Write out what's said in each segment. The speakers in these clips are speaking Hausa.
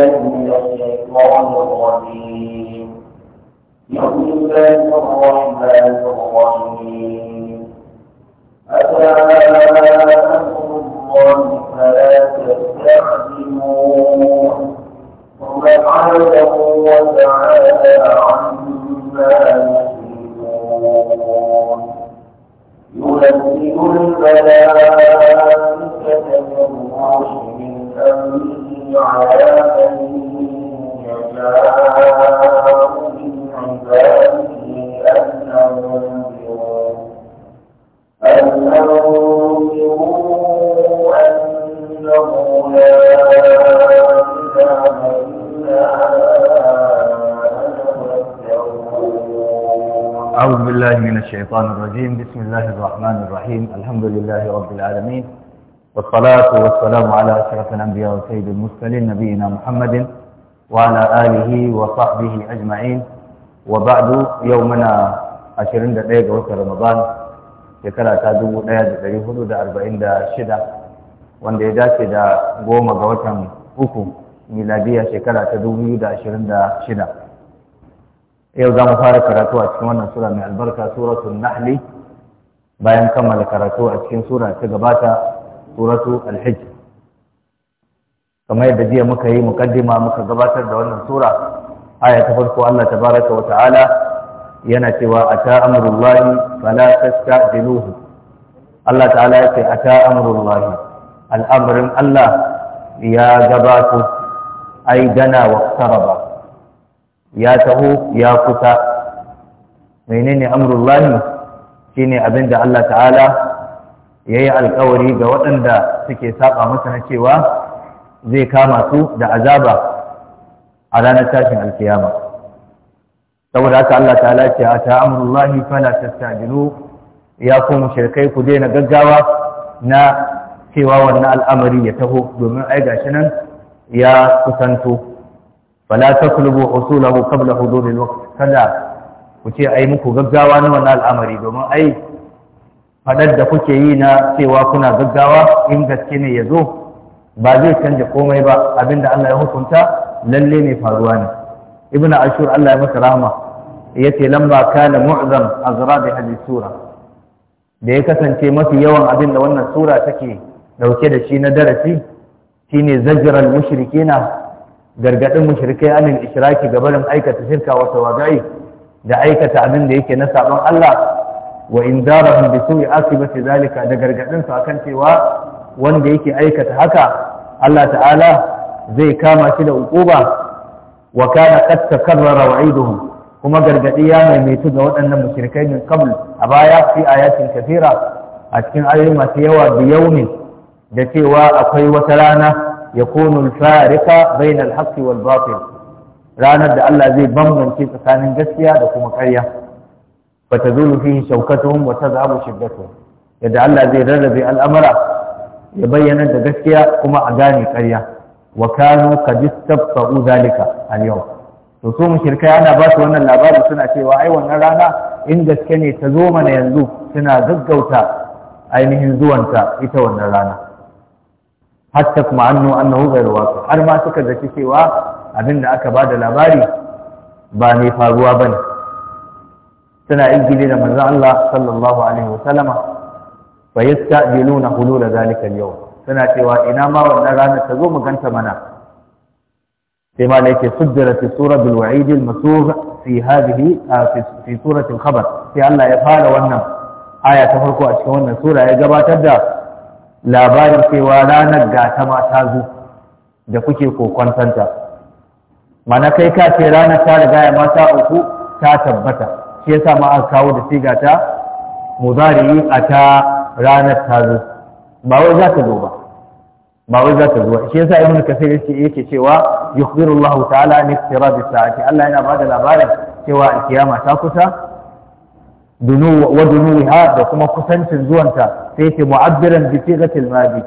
بسم الله الرحمن الرحيم أتى أمر الله فلا تستعجلون سبحانه وتعالى عما يشركون ينزل الملائكة من روح من أمره أعوذ بالله من الشيطان الرجيم بسم الله الرحمن الرحيم الحمد لله رب العالمين والصلاة والسلام على أشرف الأنبياء وسيد المرسلين نبينا محمد وعلى آله وصحبه أجمعين وبعد يومنا عشرين دقيقة وقت رمضان shekara ta dubu ɗaya da ɗari hudu da arba'in da shida wanda ya dace da goma ga watan uku miladiya shekara ta dubu biyu da ashirin da shida yau za mu fara karatu a cikin wannan sura mai albarka suratul nahli bayan kammala karatu a cikin sura ta gabata suratu al kamar yadda jiya muka yi mukaddima muka gabatar da wannan sura aya ta farko Allah tabaraka wa ta'ala yana cewa ata amrullahi fala tasta'jiluhu Allah ta'ala ya ce ata amrullahi al'amarin Allah ya gabato ai gana wa qaraba ya taho ya kusa menene amrullahi shine abinda Allah ta'ala ya yi alkawari ga waɗanda suke saba masa na cewa zai kama su da azaba a ranar tashin alkiyama saboda haka Allah ta'ala ce a ta'amurullahi fala tastajilu ya ku shirkai ku daina gaggawa na cewa wannan al'amari ya taho domin ai gashi nan ya kusanto fala taklubu usulahu qabla da waqt kada ku ce ai muku gaggawa na wannan al'amari domin ai faɗar da kuke yi na cewa kuna gaggawa in gaske ne ya zo ba zai canja komai ba abinda Allah ya hukunta lalle ne faruwa ne Ibn ashur Allah ya masa rahama yace lamma kana mu'zam azra bi hadhihi sura da ya kasance mafi yawan abin da wannan sura take dauke da shi na darasi shine zajral mushrikina gargadin mushrikai anil ishraki gabarin aikata shirka wa tawadai da aikata abin da yake na sabon Allah wa in darahum bi su'i asibati zalika da gargadin su akan cewa wanda yake aikata haka Allah ta'ala zai kama shi da ukuba wa kana qad takarrara wa'iduhum kuma gargadi ya maimaitu ga waɗannan mushrikai min qabl a baya fi ayatin kathira a cikin ayoyi masu yawa da ne. da cewa akwai wata rana yakunu al-fariqa bayna al-haqqi wal batil ranar da Allah zai bambance tsakanin gaskiya da kuma ƙarya zo fatazulu fihi shaukatuhum wa tazhabu shiddatuhum yadda Allah zai rarrabe al'amara ya bayyana da gaskiya kuma a gane ƙarya wa kanu qad istafsa'u zalika al-yawm to su ana ba su wannan labarin suna cewa ai wannan rana in gaske ne ta zo mana yanzu suna gaggauta ainihin zuwanta ita wannan rana hatta kuma annu annahu ghayru waqi har ma suka zaci cewa abin da aka ba da labari ba mai faruwa bane suna ingili da manzon Allah sallallahu alaihi wasallama fa yasta'jiluna hulula zalika al-yawm suna cewa ina ma wannan ranar ta zo mu ganta mana sai ma da yake sujjirat surat al-wa'id al-masur fi hadhihi fi surat al-khabar sai Allah ya fara wannan aya ta farko a cikin wannan sura ya gabatar da labarin cewa ranar ga ta ma ta zo da kuke kokwantanta mana kai ka ce ranar ta riga ya mata uku ta tabbata shi yasa ma aka kawo da siga ta muzari a ta ranar ta zo ba wai za ta zo ba ba wai za ta zo shi yasa ibn kasir yake yake cewa yukhbiru Allah ta'ala an iqtirab as-sa'ati Allah yana bada labarin cewa kiyama ta kusa dunu wa dunuha da kuma kusancin zuwanta sai yake mu'abbiran bi sigatil madi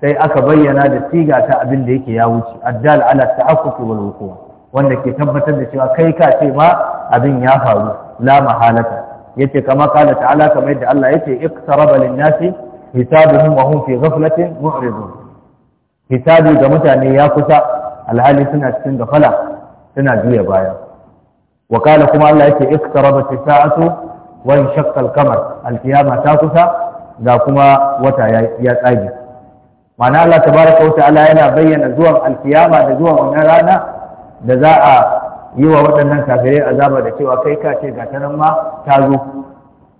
sai aka bayyana da siga ta abin da yake ya wuce addal ala tahaqquq wal wuqu' wanda ke tabbatar da cewa kai ka ce ma abin ya faru la mahalata yace kama kala ta'ala kamar yadda Allah yace iqtaraba lin-nasi hisabuhum wa hum fi ghaflatin mu'ridun hisabi ga mutane ya kusa alhali suna cikin gafala suna juya baya wa kala kuma Allah yace iqtarabat as-sa'atu wa inshaqqa al-qamar al-qiyama ta kusa ga kuma wata ya tsage ma'ana Allah tabaraka wa ta'ala yana bayyana zuwan al da zuwan wannan rana da za a yi wa waɗannan kafire azaba da cewa kai ka ce ga tanan ma ta zo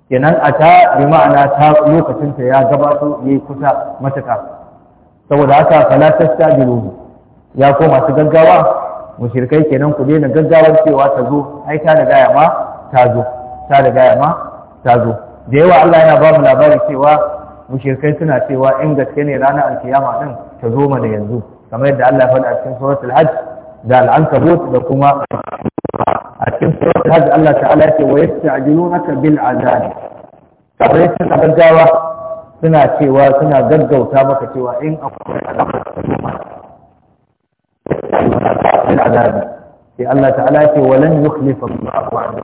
kenan a ta bi ma'ana ta lokacinta ya gabato ya yi kusa matuka saboda haka fala tastabiru ya koma su gaggawa mushirkai kenan ku daina gaggawar cewa ta zo ai ta da gaya ma ta zo ta da gaya ma ta zo da yawa Allah yana ba mu labari cewa mushirkai suna cewa in gaske ne ranar alkiyama din ta zo mana yanzu kamar yadda Allah ya faɗa cikin suratul hajj ذا العنكبوت لكما أتم سورة هذا الله تعالى ويستعجلونك بالعذاب فريسة بالجاوة سنة سوى سنة ضد وسابقة سوى إن أقوى في الله تعالى ولن يخلف الله وعده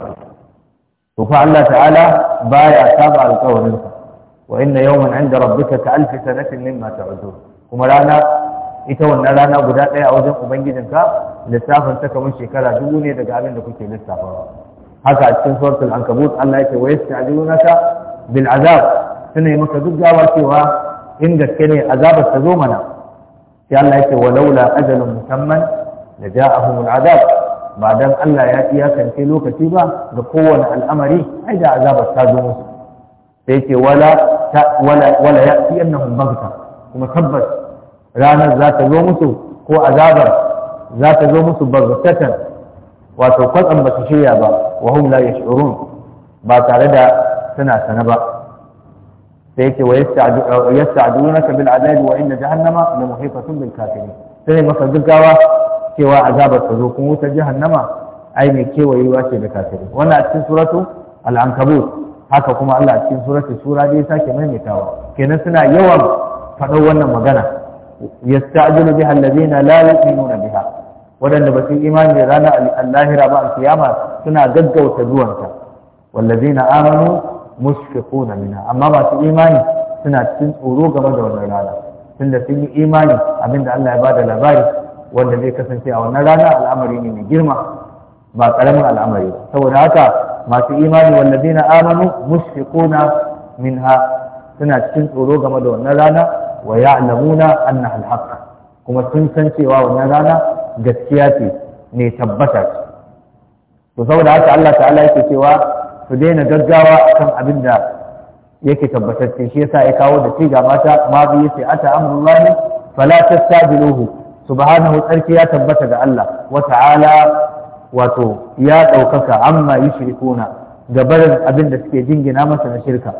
وفعل الله تعالى بايع تابع القول وإن يوما عند ربك كألف سنة مما تعدون ومرانا ita wannan rana guda ɗaya a wajen ubangijinka littafin ta kamar shekara dubu ne daga abin da kuke lissafa haka a cikin suratul ankabut Allah yake wa yasta'jilunaka bil azab suna yi maka gaggawa cewa in gaske ne azabar ta zo mana sai Allah yake wa laula ajalun musamman la ja'ahum al azab ba dan Allah ya iya kance lokaci ba ga kowane al'amari ai da azabar ta zo musu sai yake wala wala wala ya'ti annahum baghta kuma tabbas ranar za ta zo musu ko azabar za ta zo musu barzatatan wato kwatsam ba su shirya ba wa hum la yash'urun ba tare da suna sana ba sai yake wa yasta'dunaka bil azabi wa inna jahannama la muhitatun bil kafirin sai maka gaggawa cewa azabar ta zo kuma wuta jahannama ai mai kewayewa ce da kafirin wannan a cikin suratu al-ankabut haka kuma Allah a cikin suratu sura dai sake maimaitawa kenan suna yawan faɗar wannan magana yasta'jilu biha alladhina la yu'minuna biha wadanda ba su imani da ranar al-lahira ba al-kiyama suna gaggauta zuwanta wallazina amanu mushfiquna minha amma masu imani suna cikin tsoro game da wannan rana tunda sun yi imani abinda Allah ya bada labari wanda zai kasance a wannan rana al'amari ne mai girma ba karamin al'amari saboda haka masu imani wallazina amanu mushfiquna minha suna cikin tsoro game da wannan rana wa alamuna anna al kuma sun san cewa wannan rana gaskiya ce ne tabbata ce to saboda haka Allah ta'ala yake cewa su daina gaggawa kan abin da yake tabbatacce shi yasa ya kawo da ciga mata ma bi yace ata amrullahi fala tastajiluhu subhanahu tsarki ya tabbata ga Allah wa ta'ala wato ya ɗaukaka amma yushrikuna gabarin abin da suke jingina masa na shirka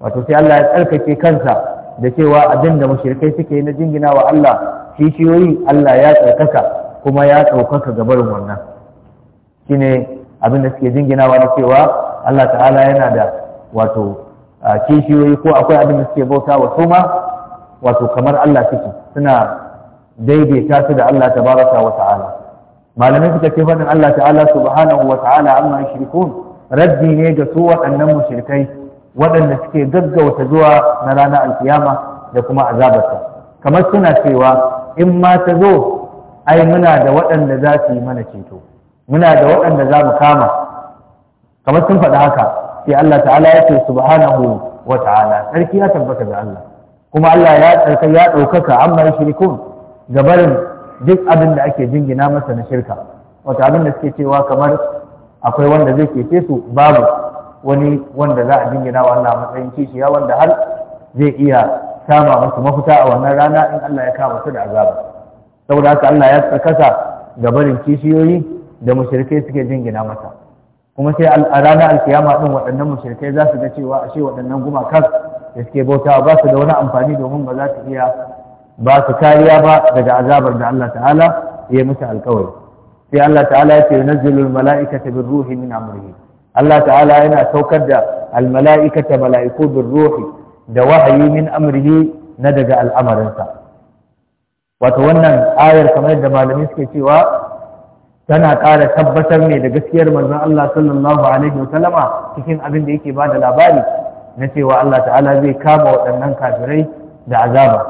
wato sai Allah ya tsarkake kansa da cewa abin da mushrikai suke na jingina wa Allah kishiyoyi Allah ya tsarkaka kuma ya ga barin wannan shine abin da suke jingina wa da cewa Allah ta'ala yana da wato kishiyoyi ko akwai abin da suke bauta wa suma wato kamar Allah suke suna daidaita su da Allah tabaraka wa ta'ala malamai suka ce faɗin Allah ta'ala subhanahu wa ta'ala amma yushrikun raddi ne ga su waɗannan mushrikai waɗanda suke gaggauta zuwa na ranar alkiyama da kuma azabarsa kamar suna cewa in ma ta zo ai muna da waɗanda za su yi mana ceto muna da waɗanda za mu kama kamar sun faɗi haka sai Allah ta'ala ya ce subhanahu wa ta'ala sarki ya tabbata ga Allah kuma Allah ya tsarka ya ɗaukaka amma ya shirikun ga barin duk abin da ake jingina masa na shirka wata abin da suke cewa kamar akwai wanda zai kece su babu wani wanda za a dingina wa Allah matsayin kishiya wanda har zai iya kama musu mafita a wannan rana in Allah ya kama su da azaba saboda haka Allah ya tsakasa ga barin kishiyoyi da mushrikai suke jingina masa kuma sai a ranar alkiyama din waɗannan mushrikai za su ga cewa ashe waɗannan gumakan da suke bautawa ba su da wani amfani domin ba za su iya ba su kariya ba daga azabar da Allah ta'ala ya musu alkawari sai Allah ta'ala ya ce yunazzilu al-mala'ikata bir-ruhi min amrihi Allah ta'ala yana saukar da almala'ikata mala'iku bin ruhi da wahayi min amrihi na daga al'amarinsa wato wannan ayar kamar yadda malami suke cewa tana ƙara tabbatar ne da gaskiyar manzon Allah sallallahu alaihi wa sallama cikin abin da yake bada labari na cewa Allah ta'ala zai kama waɗannan kafirai da azaba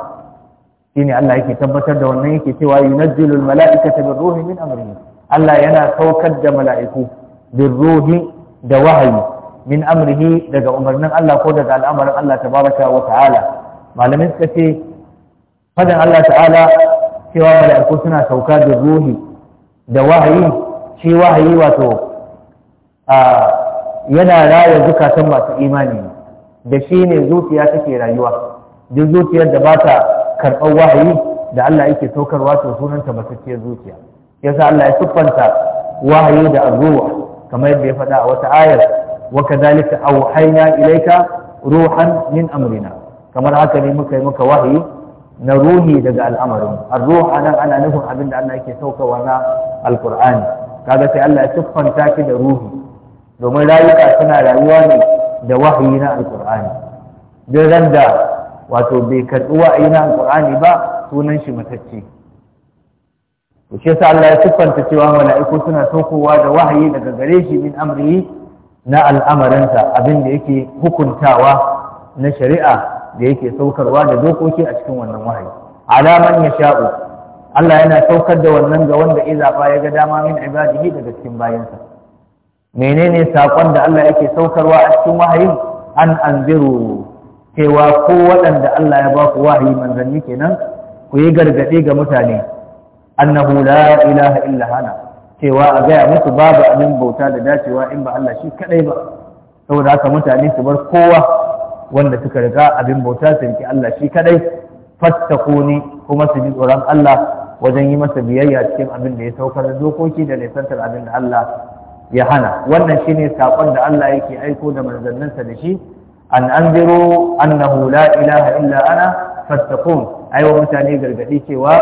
shine Allah yake tabbatar da wannan yake cewa yunazzilul mala'ikata bir ruhi min amrihi Allah yana saukar da mala'iku bir ruhi da wahayi min amrihi daga umarnin Allah ko daga al'amarin Allah tabaraka wa ta'ala malamin suka ce fadan Allah ta'ala cewa mala'iku suna sauka da ruhi da wahayi shi wahayi wato a yana raya zukatan masu imani da shi ne zuciya take rayuwa duk zuciyar da ba ta karɓar wahayi da Allah yake saukarwa to sunanta matacciyar zuciya yasa Allah ya siffanta wahayi da azuwa kamar yadda ya faɗa a wata ayar wa kadhalika awhayna ilayka ruhan min amrina kamar haka ne muka yi maka wahayi na ruhi daga al'amarin ar-ruh ana nufin abin da Allah yake saukawa na alqur'ani kaga sai Allah ya siffanta ki da ruhi domin rayuka suna rayuwa ne da wahayi na alqur'ani duk randa wato bai karɓi wa'ayi na alqur'ani ba sunan shi matacce shi yasa Allah ya siffanta cewa mala'iku suna saukowa da wahayi daga gare shi min amri na al'amarinsa abin da yake hukuntawa na shari'a da yake saukarwa da dokoki a cikin wannan wahayi alaman ya sha'u Allah yana saukar da wannan ga wanda izafa ya ga dama min ibadihi daga cikin bayansa menene saƙon da Allah yake saukarwa a cikin wahayin an anziru cewa ko waɗanda Allah ya ba ku wahayi manzanni kenan ku yi gargaɗi ga mutane annahu la ilaha illa hana cewa a gaya musu babu abin bauta da dacewa in ba Allah shi kadai ba saboda haka mutane su bar kowa wanda suka riga abin bauta su riki Allah shi kadai fattakuni kuma su ji tsoron Allah wajen yi masa biyayya cikin abin da ya saukar da dokoki da nisantar abinda da Allah ya hana wannan shine sakon da Allah yake aiko da manzanninsa da shi an anziru annahu la ilaha illa ana fattakun aiwa mutane gargadi cewa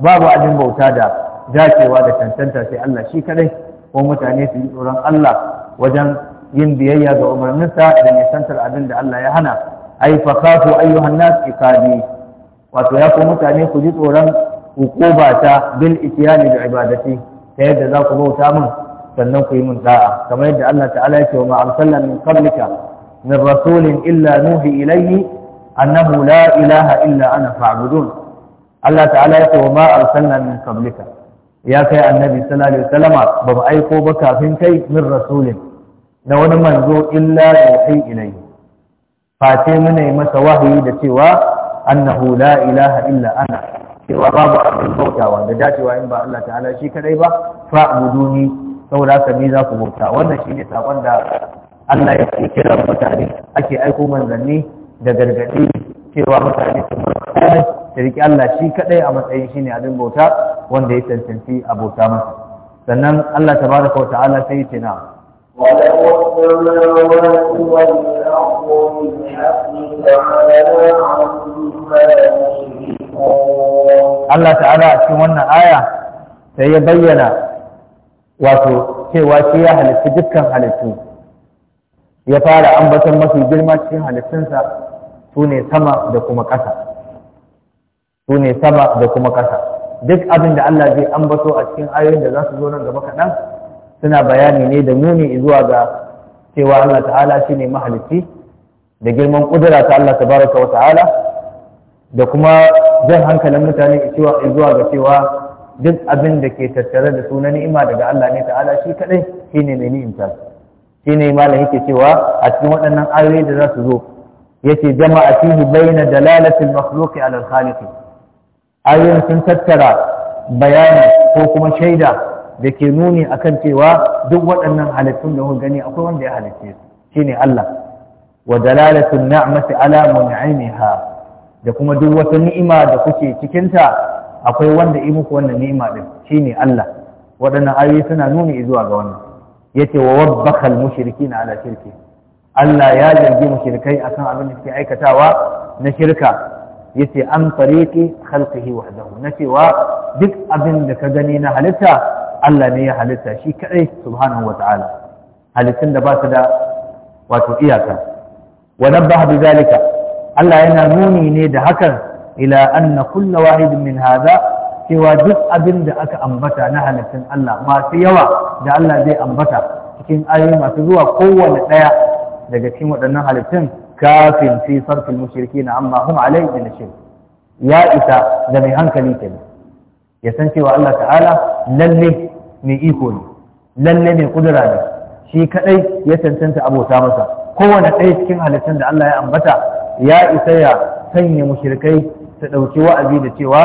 babu abin bauta da dacewa da cancanta sai Allah shi kadai ko mutane su yi tsoron Allah wajen yin biyayya ga umarninsa da nisantar abin da Allah ya hana ai fa khafu ayyuhan nas iqabi wato ya ku mutane ku ji tsoron hukuma ta bil itiyani da ibadati ta yadda za ku bauta min sannan ku yi min da'a kamar yadda Allah ta'ala ya ce wa ma'arsalna min qablika min rasulin illa nuhi ilayhi annahu la ilaha illa ana fa'budun Allah ta'ala ya ce wa ma arsalna min kablika. ya kai annabi sallallahu alaihi wasallama ba mu aiko ba kafin kai min rasulin na wani manzo illa yuhi ilayhi face muna yi masa wahayi da cewa annahu la ilaha illa ana cewa babu abin bautawa da dacewa in ba Allah ta'ala shi kadai ba Fa saboda haka ni za ku bauta wannan shine sakon da Allah ya ke kira mutane ake aiko manzanni da gargaɗi cewa mutane su mutane ya riƙe Allah shi kaɗai a matsayin shi ne abin bauta wanda ya cancanci a bauta masa sannan Allah ta tabaraka wa ta'ala sai ya ce na Allah ta'ala a cikin wannan aya sai ya bayyana wato cewa shi ya halitta dukkan halittu ya fara ambaton mafi girma cikin halittunsa su ne sama da kuma ƙasa su ne sama da kuma ƙasa duk abin da Allah zai ambato a cikin ayoyin da za su zo nan gaba kaɗan suna bayani ne da nuni zuwa ga cewa Allah ta'ala shi ne mahalicci da girman ƙudura ta Allah baraka wa ta'ala da kuma jan hankalin mutane zuwa ga cewa duk abin da ke tattare da suna ni'ima daga Allah ne ta'ala shi kaɗai shi ne mai ni'imta shi ne malam yake cewa a cikin waɗannan ayoyi da za su zo yace jama'a fihi bayna dalalatil makhluqi ala al-khaliqi ayoyin sun tattara bayani ko kuma shaida da ke nuni akan cewa duk waɗannan halittun da kuka gani akwai wanda ya halitte su shine Allah wa dalalatu ni'mati ala mun'imiha da kuma duk wata ni'ima da kuke cikinta akwai wanda yi muku wannan ni'ima din shine Allah waɗannan ayoyi suna nuni zuwa ga wannan yace wa wabbaka al-mushrikeena ala shirki Allah ya zargi mushrikai akan abin da suke aikatawa na shirka yace an tariqi khalqihi wahdahu na cewa duk abin da ka gani na halitta Allah ne ya halitta shi kaɗai subhanahu wata'ala halittun da ba su da wato iyaka wa nabbaha bidhalika Allah yana nuni ne da hakan ila anna kullu wahidin min hadha cewa duk abin da aka ambata na halittun Allah masu yawa da Allah zai ambata cikin ayoyi masu zuwa kowane daya daga cikin waɗannan halittun kafin fi sarfin mushriki na amma hum alai da shirk ya isa da mai hankali ke ya san cewa Allah ta'ala lalle mai iko ne lalle mai kudura ne shi kaɗai ya cancanta a bota masa kowane ɗaya cikin halittun da Allah ya ambata ya isa ya sanya mushrikai su ɗauki wa'azi da cewa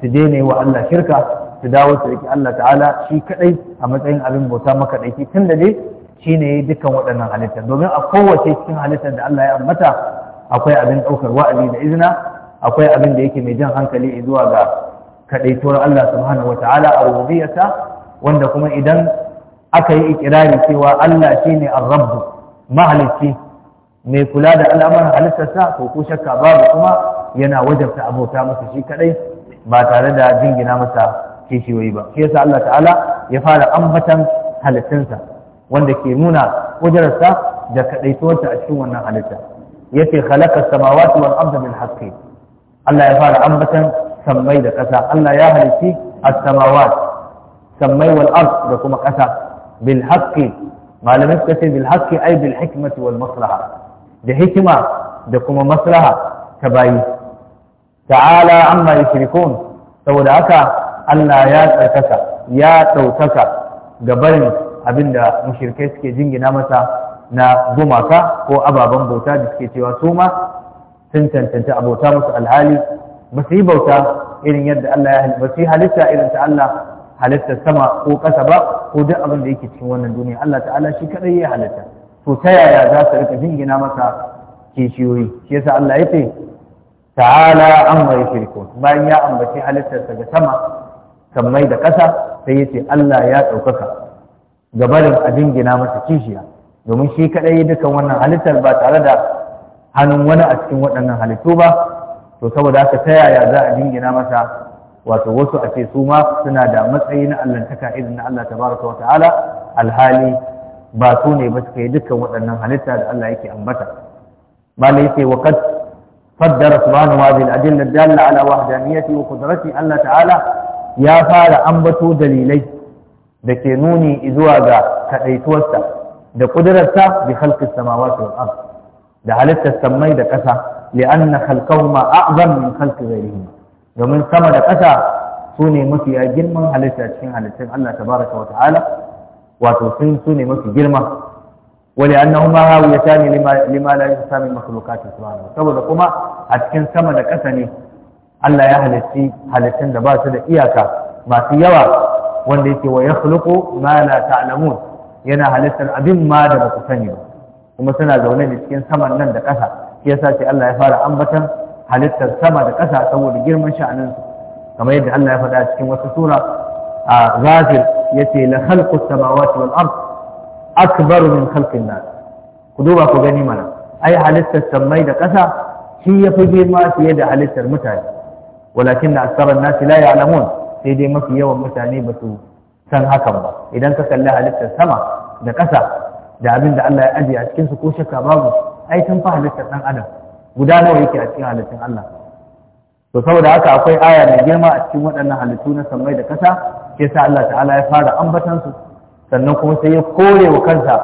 su daina yi wa Allah shirka su dawo su riƙi Allah ta'ala shi kaɗai a matsayin abin bauta makaɗaiki tun da dai shine yayi dukkan waɗannan halittar domin a kowace cikin halittar da Allah ya ambata akwai abin ɗaukar wa'azi da izina akwai abin da yake mai jan hankali zuwa ga kaɗaituwar Allah subhanahu ta'ala a rububiyarsa wanda kuma idan aka yi ikirari cewa Allah shine ne rabb mahalicci mai kula da al'amuran halittarsa ko ko shakka babu kuma yana wajabta abota masa shi kaɗai ba tare da jingina masa kishiyoyi ba shi yasa Allah ta'ala ya fara ambatan halittunsa wanda ke nuna kujararsa da kadaituwarsa a cikin wannan halitta yace khalaqa samawati wal arda bil Allah ya fara ambatan sammai da ƙasa Allah ya halitti as-samawat sammai wal ard da kuma ƙasa bil haqqi malamai suka ce bil haqqi ay bil hikmati wal maslaha da hikima da kuma maslaha ta bayi ta'ala amma yushrikun saboda haka Allah ya tsarkaka ya ɗaukaka ga barin Abin da mushrikai suke jingina masa na gumaka ko ababen bauta da suke cewa su ma sun cancanta abota musu alhali ba su yi bauta irin yadda Allah ya ba su yi halitta irin ta Allah halittar sama ko ƙasa ba ko duk abin da yake cikin wannan duniya Allah ta'ala shi kadai ya halitta to ta yaya za su rika jingina masa kishiyoyi shi yasa Allah ya ce ta'ala amma yushrikun bayan ya ambaci halittarsa ga sama samai da ƙasa sai ya ce Allah ya ɗaukaka ga barin a jingina masa kishiya domin shi kaɗai ya dukan wannan halittar ba tare da hannun wani a cikin waɗannan halittu ba to saboda haka ta yaya za a jingina masa wato wasu a ce su ma suna da matsayi na allantaka irin na Allah tabaraka wa ta'ala alhali ba su ne ba suka yi dukkan waɗannan halitta da Allah yake ambata malai sai wa qad faddara subhanahu wa ta'ala adilla dalla ala wahdaniyati wa qudrati Allah ta'ala ya fara ambato dalilai da ke nuni zuwa ga kaɗaituwarsa da ƙudurarsa bi halkin samawa wal da halittar sammai da ƙasa li'anna khalqahuma a'zam min khalqi ghayrihima domin sama da ƙasa su ne a girman halitta cikin halittar Allah baraka wa ta'ala wato sun su ne mafi girma ولأنهما هاويتان لما لما لا sami من su سبحانه saboda kuma a cikin sama da ƙasa ne Allah ya halitti halittun da ba su da iyaka masu yawa wanda yake wa waya ma la ta'lamun yana halittar abin ma da ba ku sani ba kuma suna zaune ne cikin saman nan da ƙasa shi yasa sai Allah ya fara ambatan halittar sama da ƙasa saboda girman sha'anin su kamar yadda Allah ya faɗa cikin wasu sura a ghafir yace la khalqu samawati wal ard akbaru min khalqin nas ku duba ku gani mana ai halittar samai da ƙasa shi yafi girma fiye da halittar mutane walakin aksarun nas la ya'lamun sai dai mafi yawan mutane ba su san hakan ba idan ka kalli halittar sama da ƙasa da abin da Allah ya ajiye a cikinsu ko shakka babu ai tun fa halittar ɗan adam guda nawa yake a cikin halittun Allah to saboda haka akwai aya mai girma a cikin waɗannan halittu na samai da ƙasa ke sa Allah ta'ala ya fara ambatan su sannan kuma sai ya kore wa kansa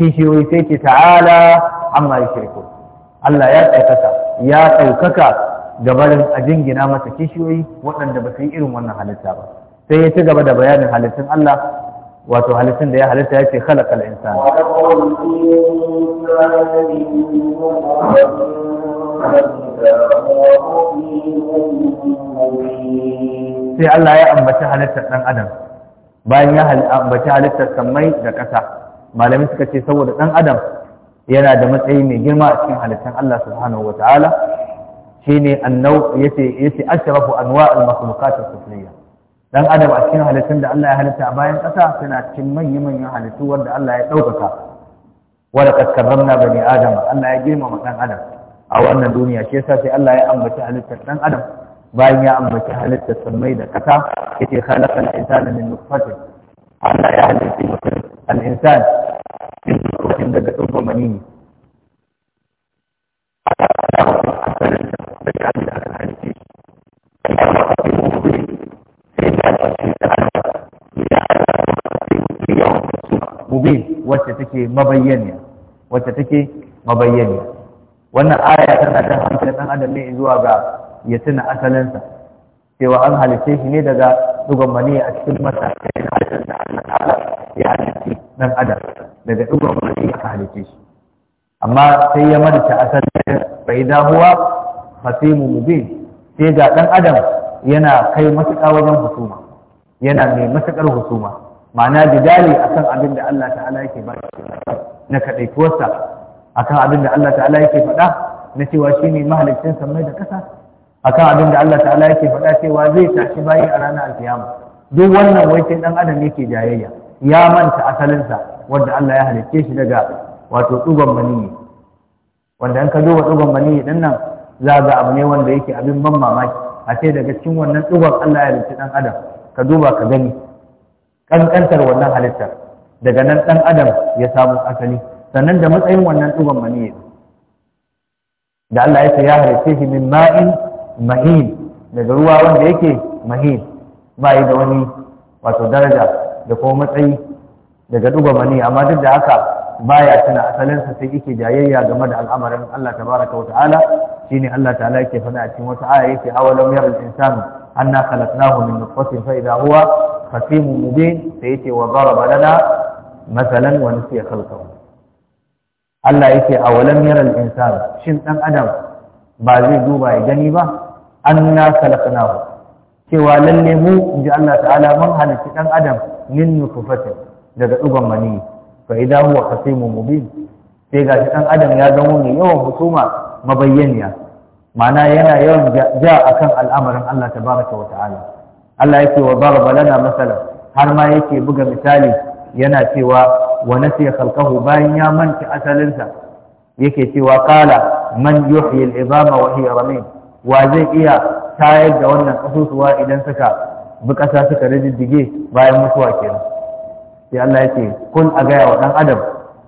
kishiyoyi sai ke ta'ala amma ya shirku Allah ya tsaikaka ya ɗaukaka gabarin a jingina masa kishiyoyi waɗanda ba su yi irin wannan halitta ba sai ya ci gaba da bayanin halittun Allah wato halittun da ya halitta ya ce khalaqal insana sai Allah ya ambaci halittar ɗan adam bayan ya ambaci halittar samai da ƙasa malamai suka ce saboda ɗan adam yana da matsayi mai girma a cikin halittar Allah subhanahu wa ta'ala shine annau yace yace ashrafu anwa'il makhluqat as-sufliya dan adam a cikin halittun da Allah ya halitta a bayan kasa suna cikin manyan manyan halittu wanda Allah ya daukaka wa laqad karramna bani adam Allah ya girmama dan adam a wannan duniya shi yasa sai Allah ya ambaci halittar dan adam bayan ya ambaci halittar sammai da kasa yace khalaqal insana min nutfatin Allah ya halitta mutum al-insan daga dubban manini mubin wacce take mabayyaniya wacce take mabayyaniya wannan aya tana ta hankali dan adam ne zuwa ga ya tuna asalinsa cewa an halice shi ne daga dugon mani a cikin masa ya halice dan adam daga dugon mani aka halice shi amma sai ya manta asalin bai damuwa hasimu mubin sai ga ɗan adam yana kai matuƙa wajen husuma yana mai matuƙar husuma ma'ana jidali akan abin da Allah ta'ala yake ba na kadaituwarsa akan abin da Allah ta'ala yake faɗa na cewa shine mahalicin sammai da ƙasa akan abin da Allah ta'ala yake faɗa cewa zai tashi bayi a ranar alkiyama duk wannan wai sai dan adam yake jayayya ya manta asalinsa wanda Allah ya halicce shi daga wato tsugon maniyyi wanda an ka duba tsugon maniyyi din nan za ga abu ne wanda yake abin ban mamaki a ce daga cikin wannan ɗigon Allah ya halitta ɗan adam ka duba ka gani ƙanƙantar wannan halittar daga nan ɗan adam ya samu asali sannan da matsayin wannan ɗigon maniyi da Allah ya ce ya halitta shi min ma'in mahin daga ruwa wanda yake mahin ba yi da wani wato daraja da kuma matsayi daga ɗigon maniyi amma duk da haka baya tana asalinsa sai yake jayayya game da al'amarin Allah tabaraka wa ta'ala shine Allah ta'ala yake faɗa a cikin wata aya yake awalam yara al-insanu anna khalaqnahu min nutfatin fa idha huwa khasimun mubin sai yake wa daraba lana masalan wa nasiya khalqahu Allah yake awalam yara al-insanu shin dan adam ba zai duba ya gani ba anna khalaqnahu cewa lalle mu inji Allah ta'ala mun halitta dan adam min nutfatin daga dugon maniyi fa idza huwa mu mubin sai gashi ɗan adam ya zama mai yawan husuma mabayyaniya ma'ana yana yawan ja akan al'amarin Allah tabaraka wa ta'ala Allah yake wa daraba lana masalan har ma yake buga misali yana cewa wa nasiya khalqahu bayan ya manta asalinsa yake cewa kala man yuhyi al-izama wa hiya ramin wa zai iya tayar da wannan kasusuwa idan suka bi kasa suka riddige bayan mutuwa kenan sai Allah yake kun a gaya wa ɗan adam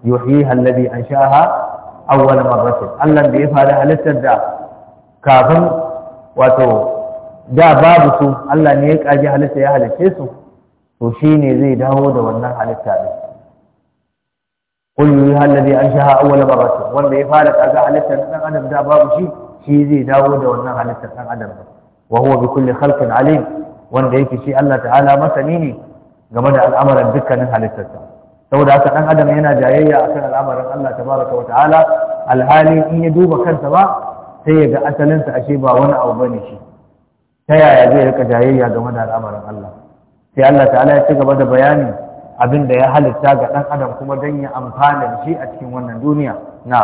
yuhyi alladhi anshaha awwal marratin Allah da ya fara halittar da kafin wato da babu su Allah ne ya kaji halitta ya halitte su to shine zai dawo da wannan halitta din kun yuhyi alladhi anshaha awwal marratin wanda ya fara kaga halittar ɗan adam da babu shi shi zai dawo da wannan halittar ɗan adam wa huwa bi kulli khalqin alim wanda yake shi Allah ta'ala masani ne game da al'amuran dukkanin halittarsa saboda haka dan adam yana jayayya akan al'amarin Allah tabaraka wata'ala alhali in ya duba kansa ba sai ya ga asalinsa ashe ba wani abu bane shi ta yaya zai rika jayayya game da al'amarin Allah sai Allah ta'ala ya ci gaba da bayani abin da ya halitta ga dan adam kuma dan ya amfana da shi a cikin wannan duniya na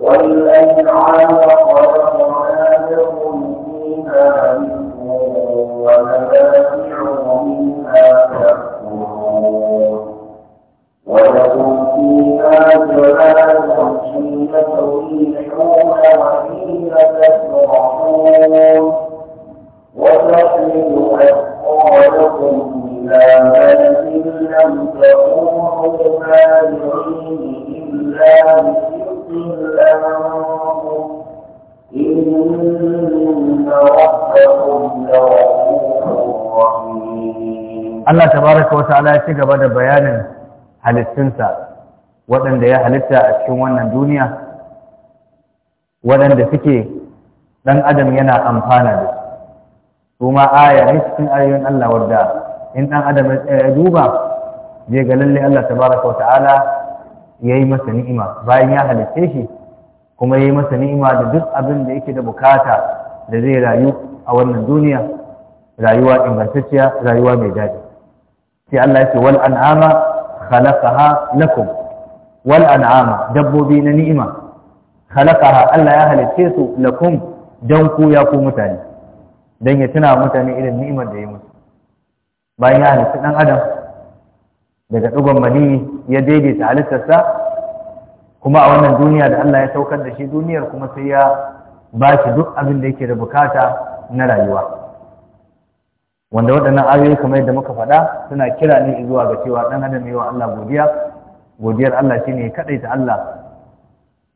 والأنعام خلقنا لهم فيها نسل ونبات ولكم فيها جمال حين تريحون وحين تسرحون وتحمل أثقالكم إلى بلد لم تكونوا بالغين إلا بشق الأنفس إن ربكم لرؤوف رحيم الله تبارك وتعالى يتقبل بيانا halittunsa waɗanda ya halitta a cikin wannan duniya waɗanda suke ɗan adam yana amfana da su ma aya ne cikin ayoyin Allah wadda in ɗan adam ya duba zai ga lalle Allah tabaraka wa ta'ala ya yi masa ni'ima bayan ya halitte shi kuma ya yi masa ni'ima da duk abin da yake da bukata da zai rayu a wannan duniya rayuwa ingantacciya rayuwa mai daɗi sai Allah ya ce wal an'ama khalaqaha lakum wal al'ama, dabbobi na ni'ima khalaqaha Allah ya halitte su lakum dan ku ya ku mutane don ya tuna mutane irin ni'imar da ya mutu. bayan ya halitta ɗan adam daga dugon mani ya daidaita halittarsa kuma a wannan duniya da Allah ya saukar da shi duniyar kuma sai ya bashi duk abin da yake da bukata na rayuwa wanda waɗannan ayoyi kamar yadda muka faɗa suna kira ne zuwa ga cewa ɗan adam yi wa Allah godiya godiyar Allah shine ya kaɗaita Allah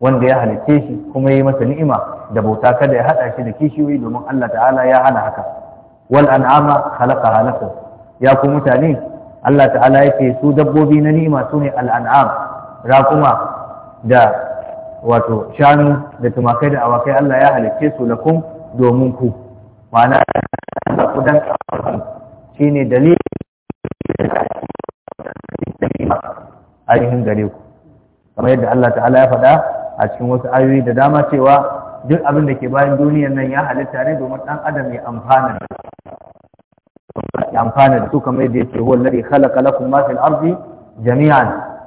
wanda ya halicce shi kuma ya yi masa ni'ima da bauta kada ya haɗa shi da kishiyoyi domin Allah ta'ala ya hana haka wal an'ama khalaqa lakum ya ku mutane Allah ta'ala yake su dabbobi na ni'ima ne al an'am raƙuma da wato shanu da tumakai da awakai Allah ya halicce su lakum domin ku ma'ana ku Shi ne dalilin ainihin gare ku kamar yadda Allah ta'ala ya faɗa a cikin wasu ayoyi da dama cewa duk abin da ke bayan duniyar nan ya halitta ne domin ɗan adam ya amfana ya amfana da su kamar yadda yake huwa lari khalaqa lakum ma fil ardi jami'an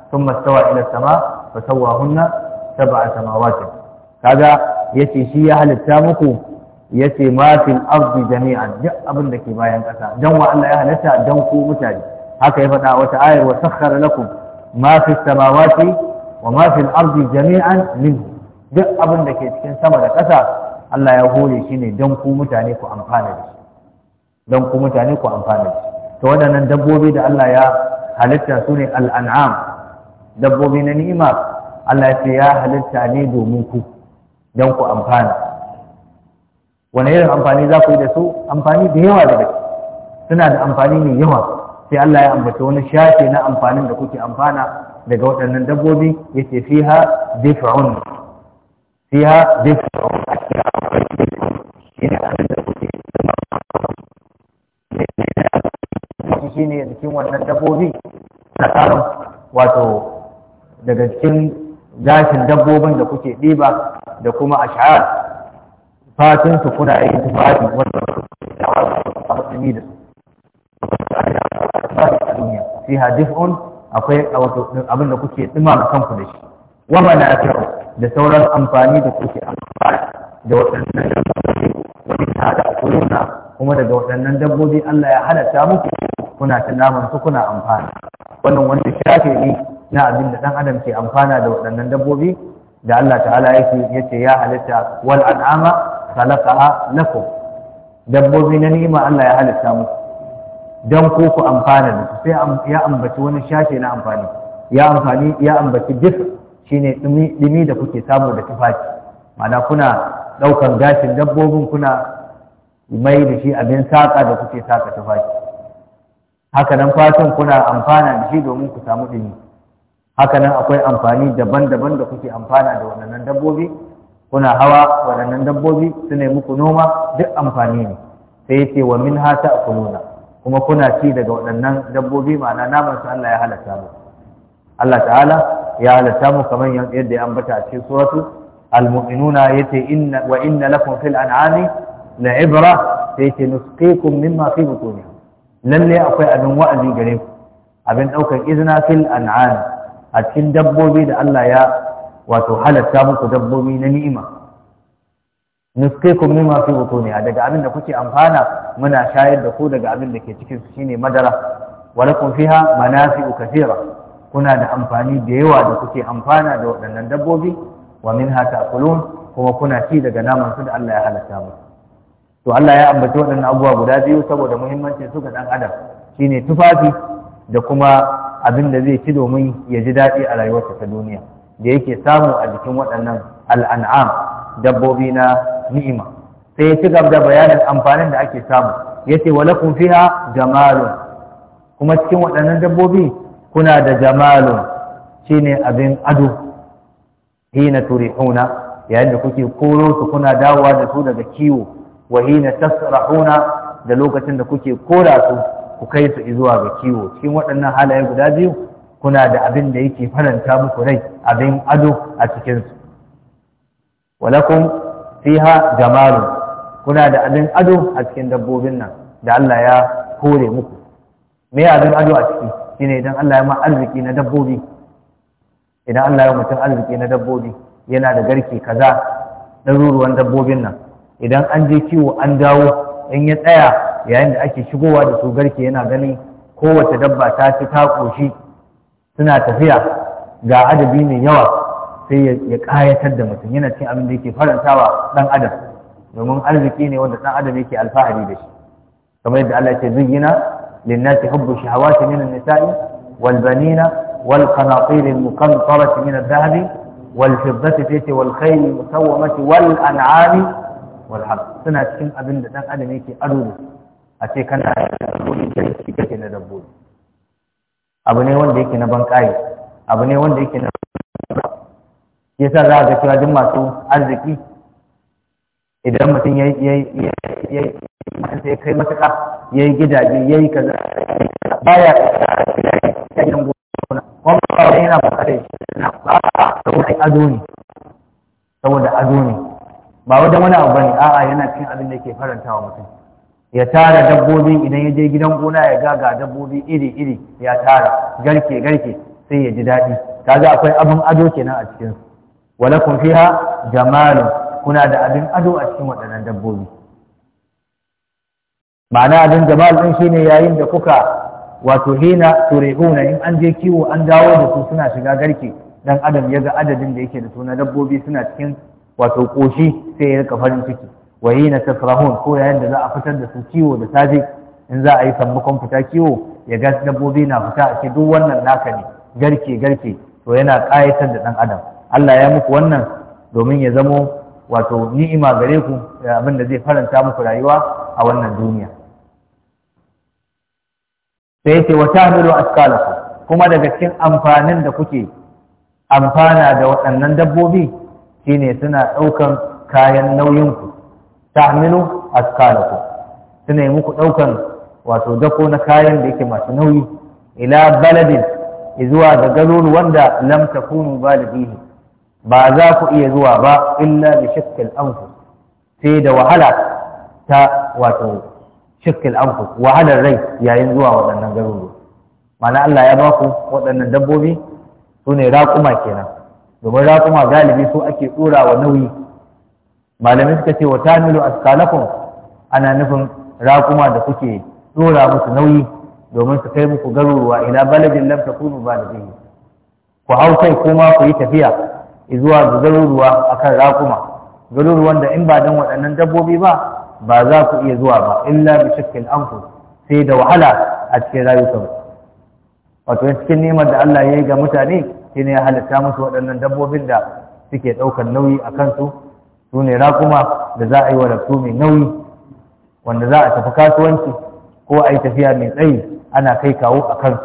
thumma istawa ila sama fa sawwahunna sab'a samawati kaga yace shi ya halitta muku Ya ce mafin ardi jami'an duk abin da ke bayan ƙasa don wa Allah ya halitta don ku mutane haka ya faɗa wata ayar wa sakhkhara lakum ma fis samawati wa ma fil ardi jami'an min duk abin da ke cikin sama da ƙasa Allah ya hore shi ne don ku mutane ku amfana da shi Don ku mutane ku amfana da shi to waɗannan dabbobi da Allah ya halitta su ne al'an'am dabbobi na ni'ima Allah ya ce ya halitta ne domin ku don ku amfana wani irin amfani za ku yi da su amfani da yawa daga suna da amfani mai yawa sai Allah ya ambaci wani shafe na amfanin da kuke amfana daga waɗannan dabbobi ya ce fiha dif'un fiha kuke shi ne jikin wannan dabbobi na tsarin wato daga cikin gashin dabbobin da kuke ɗiba da kuma ash'ar fatan su kuna yin tufafi wanda ya a ni da su fi hadifun akwai abin da kuke tsima dumama kanku da shi wa manafi'u da sauran amfani da kuke amfani da waɗannan dabbobi wani ta da kuluna kuma daga waɗannan dabbobi Allah ya halatta muku kuna ta naman su kuna amfana wannan wanda shafe ne na abin da ɗan adam ke amfana da waɗannan dabbobi da Allah ta'ala yake yace ya halitta wal an'ama khalaqaha lakum dabbobi na ni'ima Allah ya halitta mu. dan ko ku amfana da su sai ya ambaci wani shashe na amfani ya amfani ya ambaci duk shine dumi dumi da kuke samu da tufafi mana kuna daukan gashin dabbobin kuna mai da shi abin saka da kuke saka tufafi haka nan fatin kuna amfana da shi domin ku samu ɗimi. haka nan akwai amfani daban-daban da kuke amfana da wannan dabbobi kuna hawa waɗannan dabbobi su ne muku noma duk amfani ne sai yake wa min ha kununa, kuma kuna ci daga waɗannan dabbobi ma'ana naman su Allah ya halatta mu Allah ta'ala ya halatta mu kamar yadda ya ambata a cikin suratu al-mu'minuna yace inna wa inna lakum fil an'ami la'ibra sai yace nusqikum mimma fi butunihi lalle akwai abin wa'azi gare ku abin ɗaukar izina fil an'am a cikin dabbobi da Allah ya wato halatta muku dabbobi na ni'ima ku mima fi A daga abin da kuke amfana muna shayar da ku daga abin da ke cikin su shine madara wa lakum fiha manafi'u kathira kuna da amfani da yawa da kuke amfana da waɗannan dabbobi wa minha ta'kulun kuma kuna ci daga naman su da Allah ya halatta muku to Allah ya ambaci waɗannan abubuwa guda biyu saboda muhimmancin su ga dan adam shine tufafi da kuma abin da zai ci domin ya ji daɗi a rayuwarsa ta duniya da yake samu a jikin waɗannan al'an'am dabbobi na ni'ima sai ya ci gaba da bayanin amfanin da ake samu ya ce wa lakum fiha jamalun kuma cikin waɗannan dabbobi kuna da jamalun shine abin ado hina turihuna yayin da kuke koro su kuna dawowa da su daga kiwo wa hina tasrahuna da lokacin da kuke kora su ku kai su izuwa ga kiwo cikin waɗannan halaye guda biyu kuna da abin da yake faranta muku rai abin ado a cikinsu walakum fiha Jamalu kuna da abin ado a cikin dabbobin nan da Allah ya kore muku me abin ado a ciki shine idan Allah ya ma arziki na dabbobi idan Allah ya mutum arziki na dabbobi yana da garke kaza ɗaruruwan dabbobin nan idan an je kiwo an dawo in ya tsaya yayin da ake shigowa da su garke yana ganin kowace dabba ta ci ta koshi suna tafiya ga adabi mai yawa sai ya kayatar da mutum yana cin abin da yake farantawa ɗan adam domin arziki ne wanda ɗan adam yake alfahari da shi kamar yadda Allah ce zuyyina linnasi hubbu shahawati min an-nisa'i walbanina, banina wal qanatir al-muqantarati min adh-dhahabi wal fiddati fiti wal wal an'ami suna cikin abin da ɗan adam yake aro da a ce kana da dabbobi da kake na dabbobi abu ne wanda yake na bankaye abu ne wanda yake na Ya sa za a ga cewa duk masu arziki idan mutum ya yi kai matuƙa ya yi gidaje ya yi kaza Ba ya yi gona kuma ba wani yana ba kare saboda ado ne saboda ado ne ba wajen wani abu ne. a'a yana cin abin da ke faranta wa mutum ya tara dabbobi idan ya je gidan gona ya ga ga dabbobi iri iri ya tara garke garke sai ya ji daɗi kaga akwai abin ado kenan a cikin su walakum fiha Jamalu kuna da abin ado a cikin waɗannan dabbobi ma'ana abin jamal din shine yayin da kuka wato hina turihuna in an je kiwo an dawo da su suna shiga garke dan adam ya ga adadin da yake da su na dabbobi suna cikin wato koshi sai ya rika farin ciki wayi na tasrahun ko yayin da za a fitar da su kiwo da safe in za a yi sammakon fita kiwo ya ga dabbobi na fita a ce duk wannan naka ne garke garke to yana ƙayatar da ɗan adam Allah ya muku wannan domin ya zamo wato ni'ima gare ku da abin da zai faranta muku rayuwa a wannan duniya sai yake wa tahmilu asqalakum kuma daga cikin amfanin da kuke amfana da waɗannan dabbobi shine suna ɗaukan kayan nauyinku ta'minu askalaku suna yi muku ɗaukan wato dako na kayan da yake masu nauyi ila baladin zuwa ga garuruwan wanda lam takunu balighihi ba za ku iya zuwa ba illa bi shakkil anfu sai da wahala ta wato shakkil anfu wahalar rai yayin zuwa waɗannan garuru. mana Allah ya ba ku waɗannan dabbobi su ne raƙuma kenan domin raƙuma galibi su ake tsura wa nauyi malamai suka ce wa tamilu askalakum ana nufin raƙuma da kuke dora musu nauyi domin su kai muku garuruwa ila baladin lam takunu balighi ku hau kai kuma ku yi tafiya zuwa ga garuruwa akan raƙuma garuruwan da in ba dan waɗannan dabbobi ba ba za ku iya zuwa ba illa bi shakkil sai da wahala a cikin ku. wato cikin neman da Allah ya yi ga mutane shine ya halatta musu waɗannan dabbobin da suke ɗaukar nauyi a kansu su ne rakuma da za a yi wa mai nauyi wanda za a tafi kasuwanci ko a yi tafiya mai tsayi ana kai kawo a kan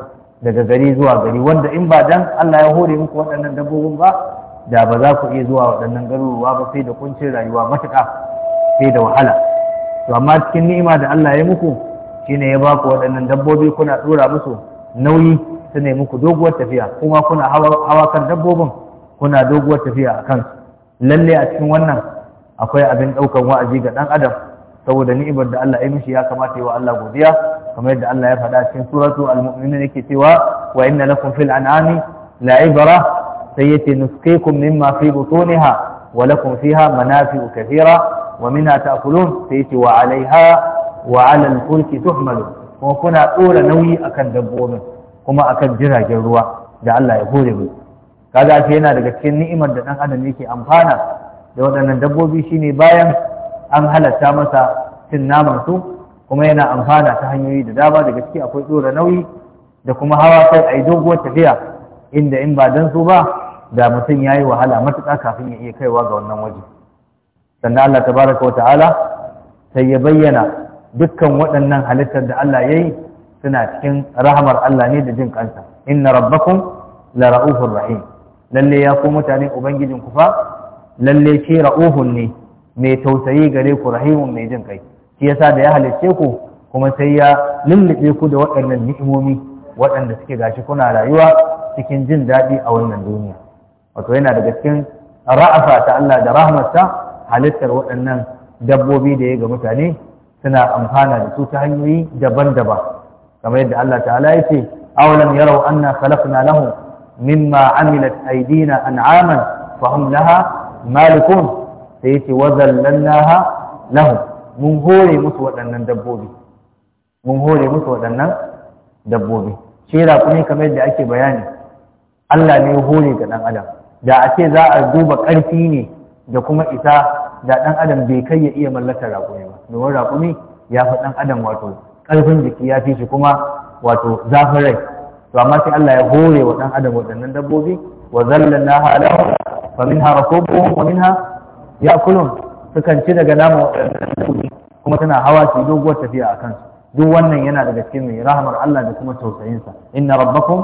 daga gari zuwa gari wanda in ba dan Allah ya hore muku waɗannan dabbobin ba da ba za ku iya zuwa waɗannan garuruwa ba sai da kuncin rayuwa matuƙa sai da wahala to amma cikin ni'ima da Allah ya muku shine ya baku waɗannan dabbobi kuna ɗora musu nauyi su ne muku doguwar tafiya kuma kuna hawa dabbobin kuna doguwar tafiya a kansu lalle a cikin wannan akwai abin ɗaukan wa'azi ga ɗan adam saboda ni'imar da Allah ya mishi ya kamata yi wa Allah godiya kamar yadda Allah ya faɗa cikin suratu al-mu'minin yake cewa wa inna lakum fil an'ami la'ibara, sai yace nusqikum mimma fi butuniha wa lakum fiha manafi'u kathira wa minha ta'kulun sai yace wa 'alayha wa 'ala al-fulki tuhmalu kuma kuna tsora nauyi akan dabbobin kuma akan jiragen ruwa da Allah ya hore mu kaga ce yana daga cikin ni'imar da dan adam yake amfana da waɗannan dabbobi shine bayan an halatta masa cin naman su kuma yana amfana ta hanyoyi da dama daga ciki akwai dora nauyi da kuma hawa kai ai doguwar tafiya inda in ba dan su ba da mutum ya yi wahala matuƙa kafin ya iya kaiwa ga wannan waje sannan Allah tabaraka wa ta'ala sai ya bayyana dukkan waɗannan halittar da Allah ya yi suna cikin rahamar Allah ne da jin kansa inna rabbakum la ra'ufur rahim lalle ya ku mutane ubangijin ku fa lalle shi ra'uhun ne mai tausayi gare ku rahimun mai jin kai shi yasa da ya halicce ku kuma sai ya lullube ku da waɗannan ni'imomi waɗanda suke gashi kuna rayuwa cikin jin daɗi a wannan duniya wato yana daga cikin ra'afa ta Allah da rahmarsa halittar waɗannan dabbobi da ya ga mutane suna amfana da su ta hanyoyi daban-daban kamar yadda Allah ta'ala ya ce awalam yarau anna khalaqna lahum mimma amilat aidina an'aman fa hum laha malikun sai yace wa zallalnaha lahum mun hore musu waɗannan dabbobi mun hore musu waɗannan dabbobi shi da kamar da ake bayani Allah ne hore ga dan adam da a ce za a duba ƙarfi ne da kuma isa da ɗan adam bai kai ya iya mallakar raƙumi ba domin raƙumi ya fi ɗan adam wato ƙarfin jiki ya fi shi kuma wato zafin rai to amma sai Allah ya hore wa dan adam waɗannan dabbobi wa zallalnaha alahu fa minha rakubuhum wa minha ya'kulun sukan ci daga namu kuma tana hawa su doguwar tafiya a kansu duk wannan yana daga cikin mai rahamar Allah da kuma tausayinsa inna rabbakum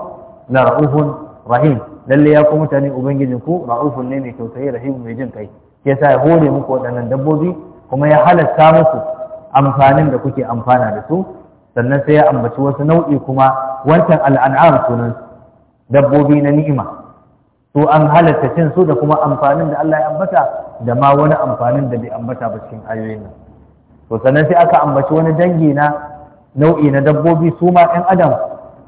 la ra'ufun rahim lalle ya ku mutane ubangijin ku ra'ufun ne mai tausayi rahim mai jin kai ke sa ya hore muku waɗannan dabbobi kuma ya halatta muku amfanin da kuke amfana da su sannan sai ya ambaci wasu nau'i kuma wancan al'an'am sunan dabbobi na ni'ima su an halatta cin su da kuma amfanin da Allah ya ambata da ma wani amfanin da bai ambata ba cikin ayoyin nan to sannan sai aka ambaci wani dangi na nau'i na dabbobi su ma ɗan adam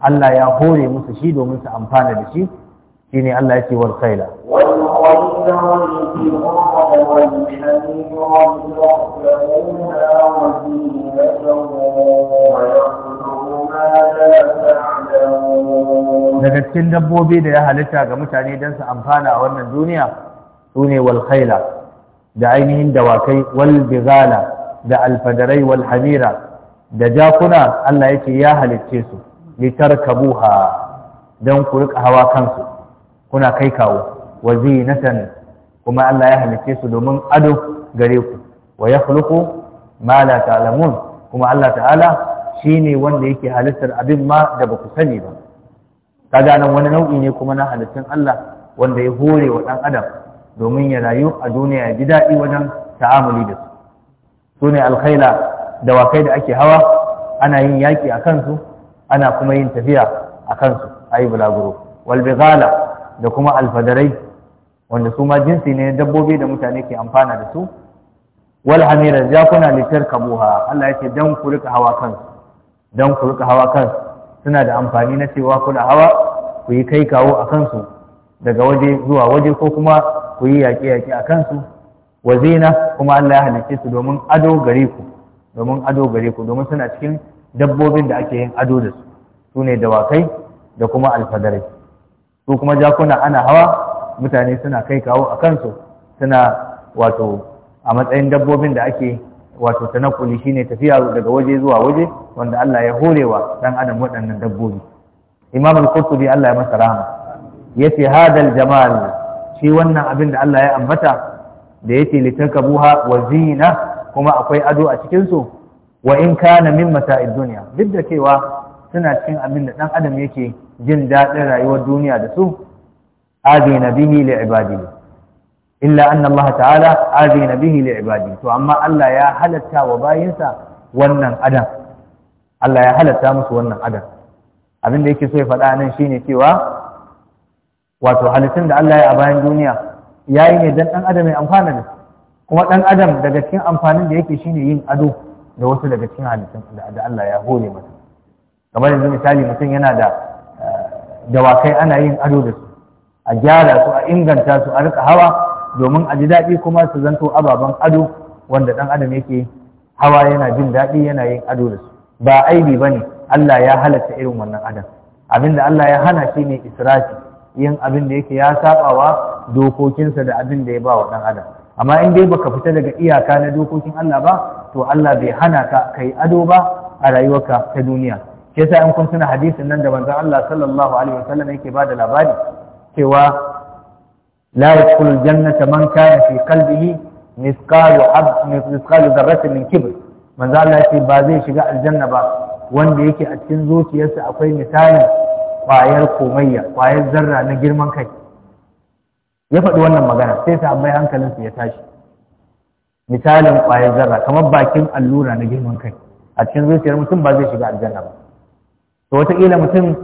Allah ya hore musu shi domin su amfana da shi shine Allah ya ce wal khaila wal daga cikin dabbobi da ya halitta ga mutane don su amfana a wannan duniya su ne walhaila da ainihin dawakai walbigala da alfadarai walhamira da jakuna Allah ya ce ya halicce su litar kabuha don ku rika hawa kansu kuna kai kawo wa zinatan kuma Allah ya halicce su domin ado gare ku wa ya ma la kuma Allah ta'ala Shi ne wanda yake halittar abin ma da baku sani ba kaga wani nau'i ne kuma na halittun Allah wanda ya hore wa ɗan adam domin ya rayu a duniya ya ji daɗi wajen ta'amuli da su su ne alkhaila dawakai da ake hawa ana yin yaƙi a kansu ana kuma yin tafiya a kansu a yi bulaguro walbigala da kuma alfadarai wanda su ma jinsi ne dabbobi da mutane ke amfana da su wal hamira jakuna litar kabuha Allah ya ce dan ku rika hawa kansu don ku rika hawa kan suna da amfani na cewa kuna hawa ku yi kai kawo a kansu daga waje zuwa waje ko kuma ku yi yaƙe-yaƙe a kansu wa zina kuma Allah ya halicce su domin ado gare ku domin ado gare ku domin suna cikin dabbobin da ake yin ado da su su ne dawakai da kuma alfadarai su kuma jakuna ana hawa mutane suna kai kawo a kansu suna wato a matsayin dabbobin da ake wato tanakuli shine tafiya daga waje zuwa waje wanda Allah ya horewa dan adam waɗannan dabbobi Imam al-Qurtubi Allah ya masa rahama yace hadal jamal shi wannan abin da Allah ya ambata da yace litakabuha wa zina kuma akwai ado a cikin su wa in kana min mata'id dunya duk da cewa suna cikin abin da dan adam yake jin daɗin rayuwar duniya da su azina bihi li ibadihi illa anna Allah ta'ala azina bihi li'ibadi to amma Allah ya halatta wa bayinsa wannan adam Allah ya halatta musu wannan adam abin da yake so ya faɗa nan shine cewa wato halittun da Allah ya a bayan duniya yayi ne dan dan adam ya amfana da kuma dan adam daga cikin amfanin da yake shine yin ado da wasu daga cikin halittun da Allah ya hore masa kamar yanzu misali mutum yana da dawakai ana yin ado da su a gyara su a inganta su a rika hawa domin a ji daɗi kuma su zanto ababen ado wanda ɗan adam yake hawa yana jin daɗi yana yin ado da su ba aibi ba ne Allah ya halatta irin wannan adam abin da Allah ya hana shi ne israfi yin abin da yake ya saɓawa dokokinsa da abin da ya ba wa ɗan adam amma in dai baka fita daga iyaka na dokokin Allah ba to Allah bai hana ka kai ado ba a rayuwarka ta duniya shi yasa in kun suna hadisin nan da manzon Allah sallallahu alaihi wasallam yake ba da labari cewa la yadkhulul jannata man kana fi qalbihi mithqalu hab mithqalu dharratin min kibr manzo ce ba zai shiga aljanna ba wanda yake a cikin zuciyarsa akwai misalin kwayar komayya kwayar zarra na girman kai ya faɗi wannan magana sai sahabbai hankalinsu ya tashi misalin kwayar zarra kamar bakin allura na girman kai a cikin zuciyar mutum ba zai shiga aljanna ba to wataƙila mutum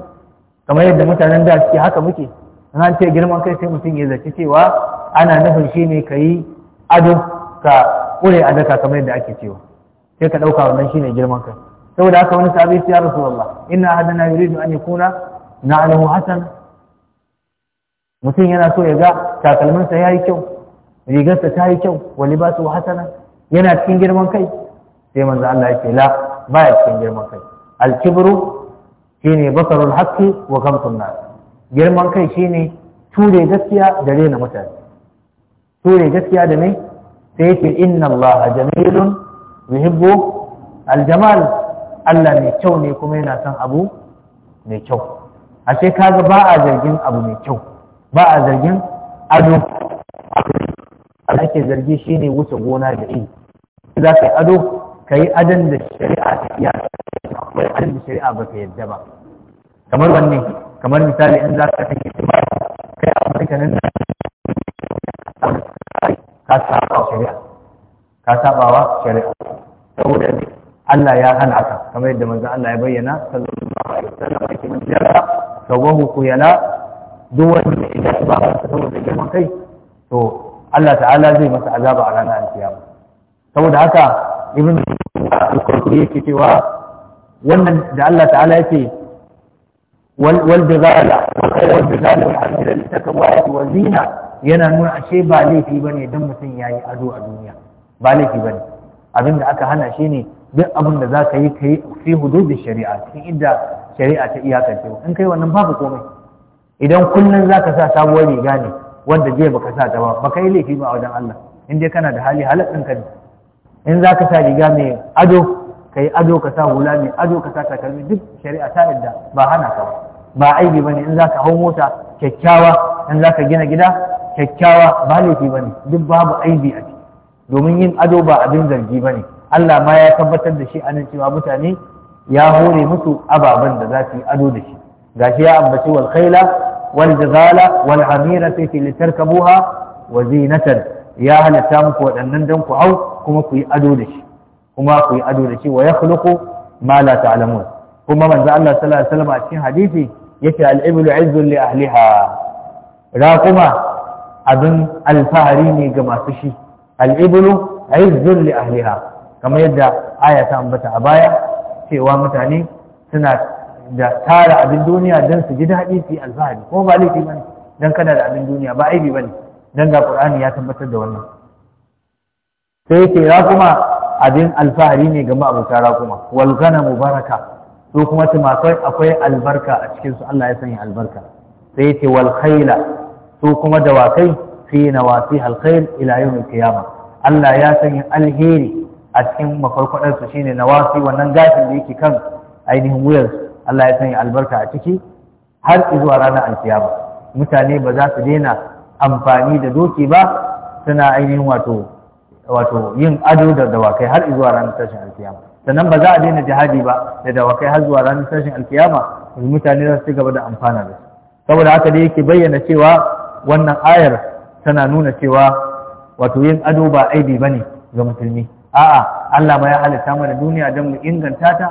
kamar yadda mutanen da suke haka muke in an ce girman kai sai mutum ya zaci cewa ana nufin shi ne ka yi ado ka ƙure a daka kamar yadda ake cewa sai ka ɗauka wannan shi ne girman kai saboda haka wani sabi ya na na ahadana yuridu an na alamu hasan mutum yana so ya ga takalminsa ya yi kyau rigarsa ta yi kyau wani ba su hasana yana cikin girman kai sai manzo Allah ya ce la baya cikin girman kai al-kibru shine basarul haqqi wa kamtun nas girman kai shine ture gaskiya da rena mutane ture gaskiya da ne sai yake inna Allah a jamilun yuhibbu aljamal Allah mai kyau ne kuma yana son abu mai kyau A ashe kaga ba a zargin abu mai kyau ba a zargin ado a ake zargi shine wuce gona da shi za ka yi ado ka yi adon da shari'a ta iya akwai adon da shari'a ba ka yadda ba kamar wanne kamar misali in za ka take ba kai a mutanen nan ka saba shari'a ka wa shari'a saboda Allah ya hana aka kamar yadda manzon Allah ya bayyana sallallahu alaihi wasallam jira kuyala duk wanda ya ba saboda kai to Allah ta'ala zai masa azaba a ranar alkiyama saboda haka ibn al-qurtubi yake cewa wannan da Allah ta'ala yake والبغالة والبغالة والحمد للتكوات والزينة yana nuna ashe ba laifi bane don mutum ya yi ado a duniya ba laifi bane abin da aka hana shi ne duk abin da za ka yi ka yi fi hududin shari'a cikin inda shari'a ta iyakance in kai wannan babu komai idan kullum za ka sa sabuwar riga ne wanda jiya baka sa ta ba baka yi laifi ba a wajen Allah in dai kana da hali halal ɗinka ne in za ka sa riga mai ado ka yi ado ka sa hula mai ado ka sa takalmi duk shari'a ta yadda ba hana ka ba aibi bane in za ka hau mota kyakkyawa in za ka gina gida kyakkyawa ba laifi bane duk babu aibi a ciki domin yin ado ba abin zargi bane Allah ma ya tabbatar da shi anan cewa mutane ya hore musu ababen da za su yi ado da shi gashi ya ambaci wal khaila wal jazala wal hamira sai fi litarkabuha wa zinatan ya halatta muku waɗannan dan ku hau kuma ku yi ado da shi kuma ku yi ado da shi wa yakhluqu ma la ta'lamun kuma manzo Allah sallallahu alaihi wasallam a cikin hadisi yake al-iblu 'izzun li ahliha kuma abin alfahari ne ga masu shi al-iblu 'izzun li ahliha kamar yadda aya ta ambata a baya cewa mutane suna da tara abin duniya don su ji daɗi su yi alfahari kuma ba laifi bane don kana da abin duniya ba aibi bane dan ga Qur'ani ya tabbatar da wannan sai yake kuma. abin alfahari ne ga ma'abuta raƙuma wal ghanamu Mubaraka, su kuma tumakai akwai albarka a cikin su Allah ya sanya albarka sai yace wal khayla kuma dawakai fi nawasi al khayl ila yawm qiyama Allah ya sanya alheri a cikin mafarkwadar su shine nawasi wannan gashin da yake kan ainihin wuyar Allah ya sanya albarka a ciki har zuwa ranar alkiyama mutane ba za su daina amfani da doki ba suna ainihin wato wato yin ado da dawakai har zuwa ranar tashin alkiyama sannan ba za a daina jihadi ba da dawakai har zuwa ranar tashin alkiyama mutane za su ci gaba da amfana da su saboda haka dai yake bayyana cewa wannan ayar tana nuna cewa wato yin ado ba aibi ne ga musulmi a'a Allah ma ya halitta mana duniya don mu inganta ta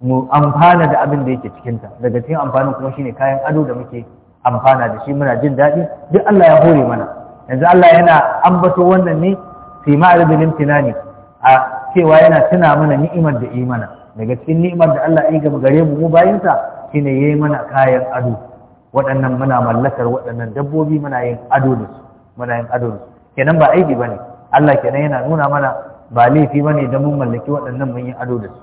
mu amfana da abin da yake cikinta daga cikin amfanin kuma shine kayan ado da muke amfana da shi muna jin daɗi duk Allah ya hore mana yanzu Allah yana ambato wannan ne fi ma'aribin imtinani a cewa yana tuna mana ni'imar da imana daga cikin ni'imar da Allah ya gaba gare mu mu bayinsa shine yayi mana kayan ado waɗannan muna mallakar waɗannan dabbobi muna yin ado da su muna yin ado da su kenan ba aiki bane Allah kenan yana nuna mana ba laifi bane da mun mallaki waɗannan mun yi ado da su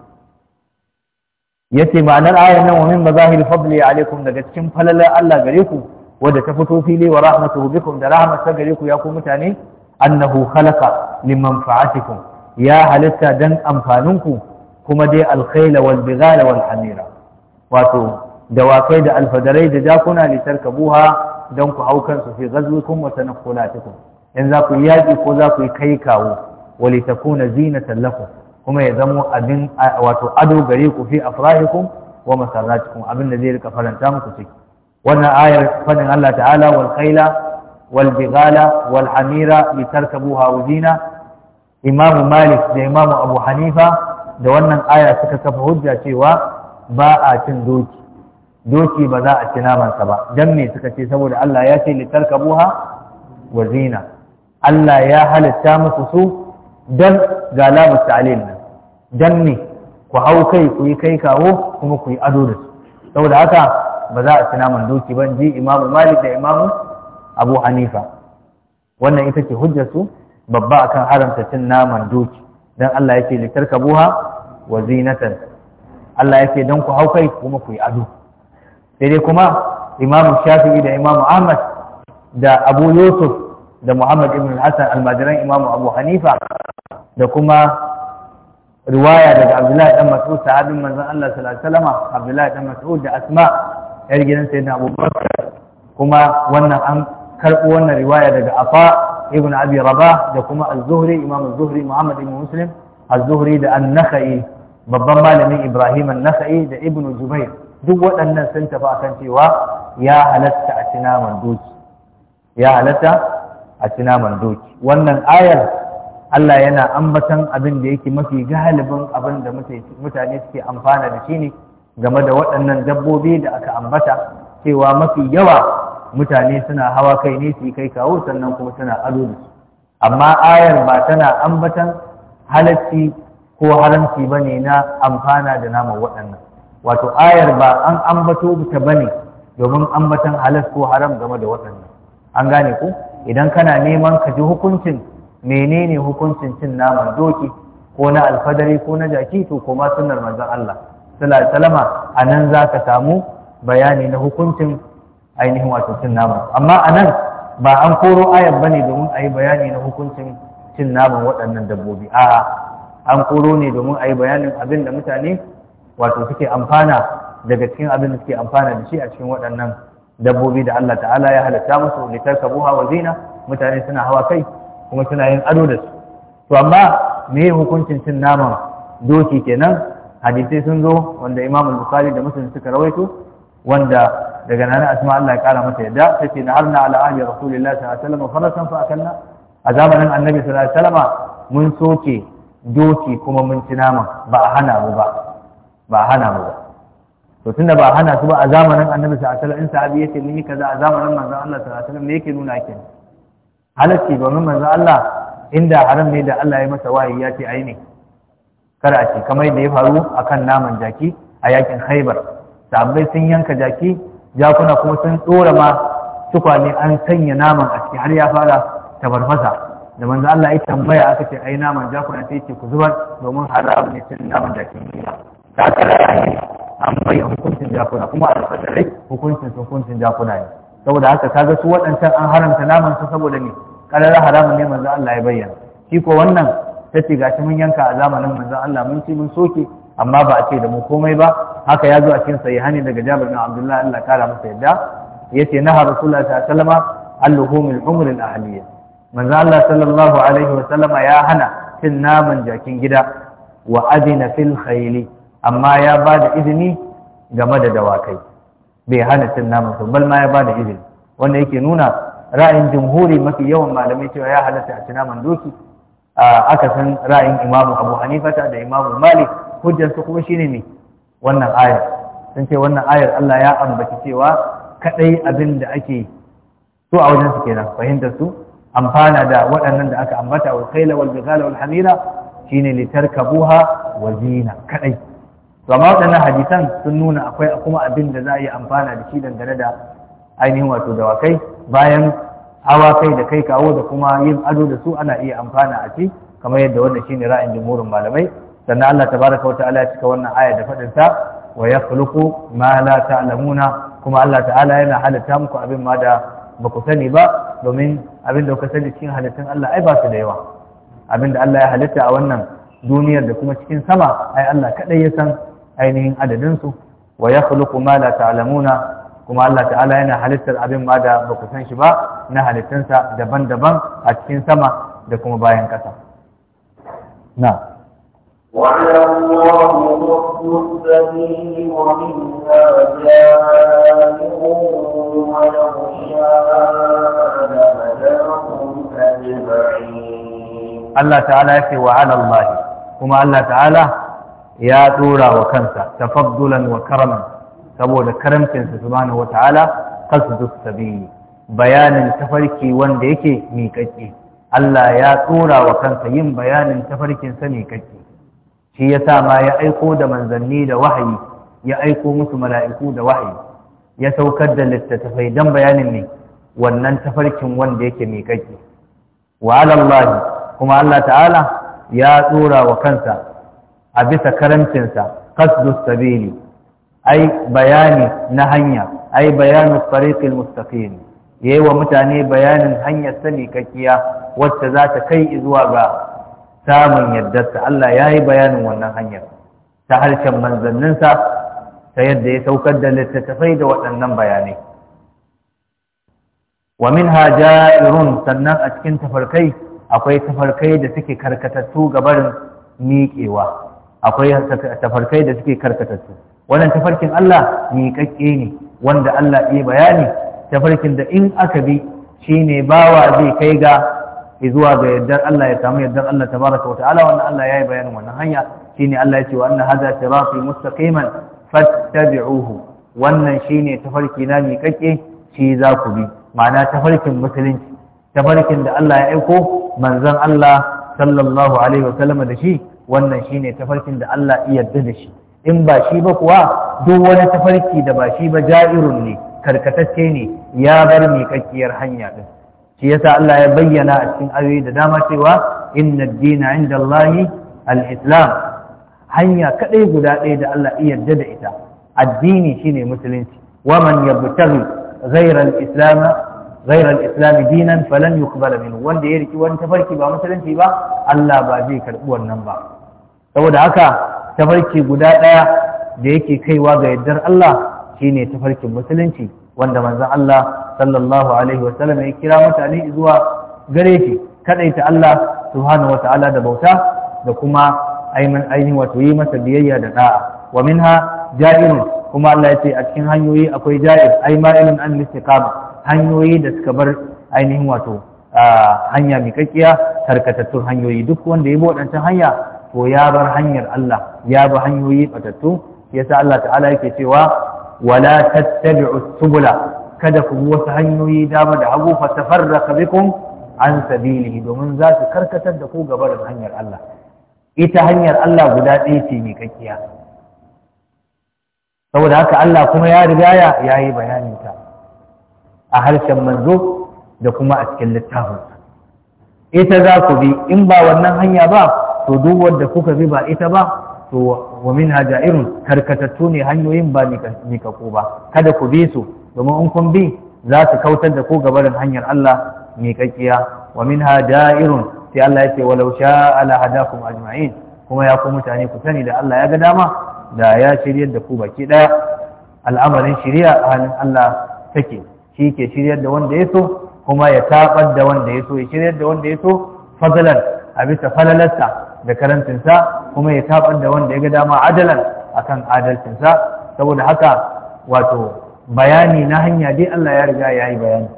yace ma'anar ayar nan wa min mazahir fadli alaikum daga cikin falalar Allah gare ku wadda ta fito fili wa rahmatuhu bikum da rahmat ta gare ku ya ku mutane annahu khalaqa limanfa'atikum ya halitta dan amfaninku kuma dai alkhaila wal da wal hamira wato dawakai da alfadarai da jakuna litarkabuha dan ku hau kansu fi ghazwikum wa tanaqqulatikum in za ku yaƙi ko za ku kai kawo wa litakuna zinatan lakum kuma ya zamo abin wato ado gare ku fi afrahikum wa masarratikum abin da zai rika faranta muku ciki wannan ayar fadin Allah ta'ala wal khayla والبغال والحميرة لتركبوها وزينة إمام مالك ده إمام أبو حنيفة ده ونن آية سكسف هجة شوى باء تندوك doki ba za a ci namansa ba don me suka ce saboda Allah ya ce litarkabuha wa zina Allah ya halitta musu su don ga labus ta'alil nan don ku hau kai ku yi kai kawo kuma ku yi ado da su saboda haka ba za a ci naman doki ban ji imamu malik da imamu abu hanifa wannan ita ce hujjarsu babba akan haramta cin naman doki don Allah yake buha wa zinatan Allah ce dan ku haukai kuma ku yi ado sai dai kuma Imam Shafi'i da Imam Ahmad da Abu Yusuf da Muhammad ibn Hassan, almajiran Imam Abu Hanifa da kuma riwaya daga Abdullahi dan Mas'ud sahabin manzon Allah sallallahu alaihi wasallam Abdullahi dan Mas'ud da Asma yar gidan sayyidina Abu kuma wannan an karɓo wannan riwaya daga afa ibn abi rabah da kuma az-zuhri imam az-zuhri muhammad ibn muslim az-zuhri da an-nakhai babban malamin ibrahim an-nakhai da ibn jubair duk waɗannan sun tafi akan cewa ya halatta a cinaman doki ya halatta a cinaman doki wannan ayar Allah yana ambatan abin da yake mafi galibin abin da mutane suke amfana da shi ne game da waɗannan dabbobi da aka ambata cewa mafi yawa mutane suna hawa kai ne su yi kai kawo sannan kuma suna ado da su amma ayar ba tana ambatan halacci ko haramci ba ne na amfana da naman waɗannan wato ayar ba an ambato ta ba ne domin ambatan halas ko haram game da waɗannan an gane ku idan kana neman ka ji hukuncin menene hukuncin cin naman doki ko na alfadari ko na jaki to ko ma sunnar manzon Allah sallallahu alaihi nan anan zaka samu bayani na hukuncin ainihin wato cin naman amma a nan ba an koro ayar ba ne domin a yi bayani na hukuncin cin naman waɗannan dabbobi a'a an koro ne domin a yi bayanin abin da mutane wato suke amfana daga cikin abin da suke amfana da shi a cikin waɗannan dabbobi da Allah ta'ala ya halatta musu litarkabuha wa zina mutane suna hawa kai kuma suna yin ado da su to amma me hukuncin cin naman doki kenan hadisai sun zo wanda Imam Bukhari da Muslim suka rawaito wanda daga nan asma Allah ya kara mata yadda tace na harna ala ahli rasulillahi sallallahu alaihi wasallam farasan fa akalna a zamanin annabi sallallahu alaihi wasallam mun soke doki kuma mun ci nama ba a hana mu ba ba a hana mu ba to tunda ba a hana su ba a zamanin annabi sallallahu alaihi wasallam in sahabi yace mun yi kaza a zamanin manzon Allah sallallahu alaihi wasallam me yake nuna kenan halacci domin manzon Allah inda haram ne da Allah ya masa wahayi ya ce ai ne Kar a ce kamar yadda ya faru akan naman jaki a yakin Khaibar sahabbai sun yanka jaki jakuna kuma sun tsora ma tukwane an sanya naman a ciki har ya fara tabarfasa da manzo Allah ya tambaya aka ce ai naman jakuna sai ce ku zubar domin haram ne cin naman jakin gida ta tsara ne an bai hukuncin jakuna kuma a tsare hukuncin hukuncin jakuna ne saboda haka kaga su waɗancan an haramta naman su saboda ne karar haramun ne manzo Allah ya bayyana shi ko wannan ta ce gashi mun yanka a zamanin manzo Allah mun ci mun soke amma ba a ce da mu komai ba haka ya zo a cikin hani daga Jabir bin Abdullah Allah kara masa yadda yace ce Rasulullah sallallahu alaihi wasallam al-luhumul humr al-ahliyya manzo Allah sallallahu alaihi wasallam ya hana cin naman jakin gida wa adina fil khayli amma ya ba da izini game da dawakai bai hana cin naman su ma ya ba da izini wanda yake nuna ra'ayin jumhuri mafi yawan malamai cewa ya halatta a ci naman doki a san ra'ayin imamu abu hanifata da imamu malik hujjar su kuma shine ne wannan ayar sun ce wannan ayar Allah ya ambaci cewa kadai abin da ake so a wajen su kenan fahimtar su amfana da waɗannan da aka ambata wal khayla wal bighala wal hamira shine litarkabuha wa zina kadai to amma waɗannan hadisan sun nuna akwai kuma abin da za a yi amfana da shi dangane da ainihin wato dawakai bayan hawa kai da kai kawo da kuma yin ado da su ana iya amfana a ci kamar yadda wannan shine ra'ayin jumhurin malamai sannan Allah tabaraka wa ta'ala ya cika wannan aya da faɗin sa wa yakhluqu ma la ta'lamuna kuma Allah ta'ala yana halitta muku abin ma da ba sani ba domin abin da kuka sani cikin halittun Allah ai ba su da yawa abin da Allah ya halitta a wannan duniyar da kuma cikin sama ai Allah kadai ya san ainihin adadin su wa yakhluqu ma la ta'lamuna kuma Allah ta'ala yana halittar abin ma da ba san shi ba na halittunsa daban-daban a cikin sama da kuma bayan ƙasa. وعلى الله حكم السبيل ومنها جائر ولو شاء لهداهم اجمعين الله تعالى يكفي وعلى الله كما الله تعالى يا دورا وكنسا تفضلا وكرما saboda karamcinsa subhanahu wataala qasdus sabil bayanin tafarki wanda yake miƙaƙƙe Allah ya tsora wa kansa yin bayanin tafarkinsa miƙaƙƙe shi ya sa ma ya aiko da manzanni da wahayi ya aiko musu mala'iku da wahayi ya saukar da littattafai don bayanin ne wannan tafarkin wanda yake miƙaƙi wa alallahi kuma Allah ta'ala ya tsora wa kansa a bisa karancinsa kasdus sabili ai bayani na hanya ai bayanu tariqil mustaqim yayi wa mutane bayanin hanyar sani kakkiya wacce za ta kai zuwa ga samun yardarsa Allah ya yi bayanin wannan hanyar ta harshen manzanninsa ta yadda ya saukar da littattafai da waɗannan bayanai wa min irun sannan a cikin tafarkai akwai tafarkai da suke karkatattu ga barin miƙewa akwai tafarkai da suke karkatattu wannan tafarkin Allah miƙaƙƙe ne wanda Allah iya bayani tafarkin da in aka bi shine bawa zai kai ga zuwa ga yardar Allah ya samu yardar Allah tabaraka wa ta'ala wannan Allah yayi bayanin wannan hanya shine Allah ya ce wa anna hadha sirati mustaqiman fattabi'uhu wannan shine tafarki na mi kake shi za ku bi ma'ana tafarkin musulunci tafarkin da Allah ya aiko manzon Allah sallallahu alaihi wa sallam da shi wannan shine tafarkin da Allah ya yarda da shi in ba shi ba kuwa duk wani tafarki da ba shi ba ja'irun ne karkatacce ne ya bar mi kakkiyar hanya din shi yasa Allah ya bayyana a cikin ayoyi da dama cewa inna ad-dina 'inda Allah al-islam hanya kadai guda ɗaya da Allah iya yarda da ita addini shine musulunci wa man yabtaghi ghayra al-islam ghayra al-islam dinan falan wanda ya riki wani tafarki ba musulunci ba Allah ba zai karbi wannan ba saboda haka tafarki guda ɗaya da yake kaiwa ga yardar Allah shine tafarkin musulunci wanda manzon Allah sallallahu alaihi wa sallam ya kira mutane zuwa gare shi kadaita Allah subhanahu wa ta'ala da bauta da kuma aiman ainihin wato yi masa biyayya da da'a wa minha ja'irun kuma Allah ya ce a cikin hanyoyi akwai ja'ir ai ma'ilun an istiqama hanyoyi da suka bar ainihin wato hanya mai kakkiya karkatattun hanyoyi duk wanda ya bi waɗancan hanya to ya bar hanyar Allah ya bi hanyoyi batattu yasa Allah ta'ala yake cewa wala tattabi'u subula kada ku wasu hanyoyi dama da hagu fa tafarraqa bikum an sabilihi domin za su karkatar da ku gaba da hanyar Allah ita hanyar Allah guda ɗaya ce mai kakkiya saboda haka Allah kuma ya rigaya ya yayi bayanin ta a harshen manzo da kuma a cikin littafin ita za ku bi in ba wannan hanya ba to duk wanda kuka bi ba ita ba to wa min irin karkatattu ne hanyoyin ba mikakku ba kada ku bi su domin in kun bi za su kautar da ku gabarin hanyar Allah mikakkiya wa min irin sai Allah ya ce walau sha ala hadakum ajma'in kuma ya ku mutane ku sani da Allah ya ga dama da ya shiryar da ku baki daya al'amarin shiriya a hannun Allah take shi ke shiryar da wanda ya so kuma ya tabar da wanda ya so ya shiryar da wanda ya so fadlan a bisa falalarsa da karantinsa kuma ya tabar da wanda ya ga dama adalan akan adalcinsa saboda haka wato bayani na hanya dai Allah ya riga ya yi bayani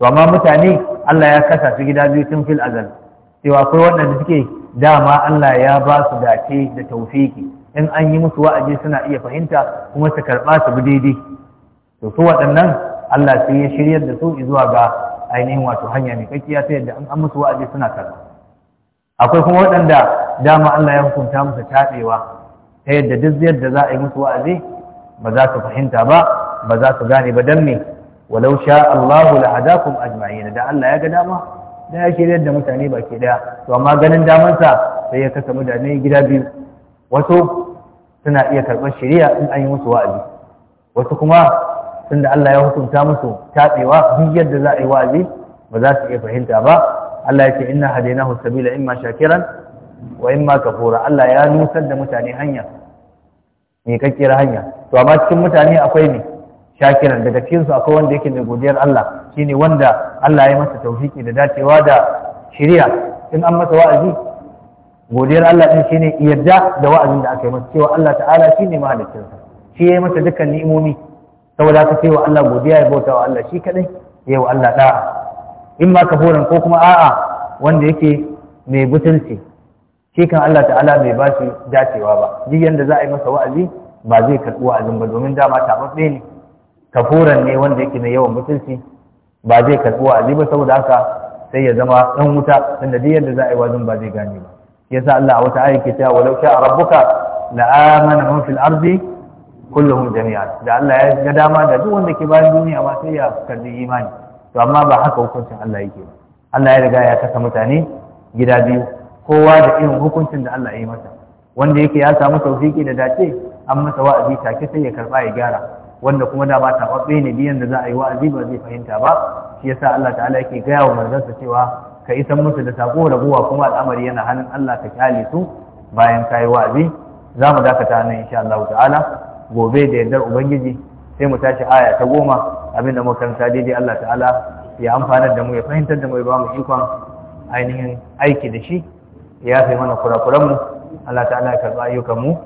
to amma mutane Allah ya kasa su gida biyu tun fil azal cewa akwai waɗanda suke dama Allah ya ba su dace da taufiki in an yi musu wa'azi suna iya fahimta kuma su karɓa su bi daidai to su waɗannan Allah sai ya shiryar da su zuwa ga ainihin wato hanya mai kakkiya ta yadda an musu wa'azi suna karɓa akwai kuma waɗanda dama Allah ya hukunta musu taɓewa ta yadda duk yadda za a yi musu wa'azi ba za su fahimta ba ba za su gane ba dan me walau sha Allahu la hadakum ajma'in da Allah ya ga dama da ya shirya da mutane baki daya to amma ganin sa, sai ya kasa mutane gida biyu wasu suna iya karɓar shari'a in an yi musu wa'azi wasu kuma tunda Allah ya hukunta musu taɓewa duk yadda za a yi wa'azi ba za su iya fahimta ba Allah ya ce inna hadainahu sabila imma shakiran wa imma kafura Allah ya nusar da mutane hanya me kakkiyar hanya to amma cikin mutane akwai ne shakiran daga cikin su akwai wanda yake mai godiyar Allah shine wanda Allah ya masa tauhiki da dacewa da shiriya, in an masa wa'azi godiyar Allah din shine yarda da wa'azin da aka yi masa cewa Allah ta'ala shine mahaliccinsa shi ya yi masa dukkan ni'imomi saboda ka sai wa Allah godiya ya bauta wa Allah shi kadai ya wa Allah da'a in ma kafuran ko kuma a'a wanda yake mai butulci shi kan Allah ta'ala bai ba shi dacewa ba duk yanda za a yi masa wa'azi ba zai karɓi wa'azin ba domin dama taɓaɓɓe ne kafuran ne wanda yake mai yawan butulci ba zai karɓi wa'azi ba saboda haka sai ya zama ɗan wuta tunda duk yanda za a yi wa'azin ba zai gane ba yasa Allah a wata ayi ke cewa walau sha rabbuka la amana man fil ardi kulluhum jami'an da Allah ya ga dama da duk wanda ke bayan duniya ma sai ya karbi imani to amma ba haka hukuncin Allah yake ba Allah ya riga ya kasa mutane gida biyu kowa da irin hukuncin da Allah ya yi masa wanda yake ya samu taufiki da dace an masa wa'azi take sai ya karba ya gyara wanda kuma da ba tababbe ne biyan da za a yi wa'azi ba zai fahimta ba shi yasa Allah ta'ala yake gaya wa manzansa cewa ka isan musu da sako raguwa kuma al'amari yana hannun Allah ka kyale su bayan ka yi wa'azi za mu dakata nan insha Allah ta'ala gobe da yardar ubangiji sai mu tashi aya ta goma Abin da makaranta daidai Allah ta'ala ya amfanar da mu ya fahimtar da mu ya ba mu ikon ainihin aiki da shi ya fi mana kurakuran mu Allah ta'ala ya karɓi ayyukan mu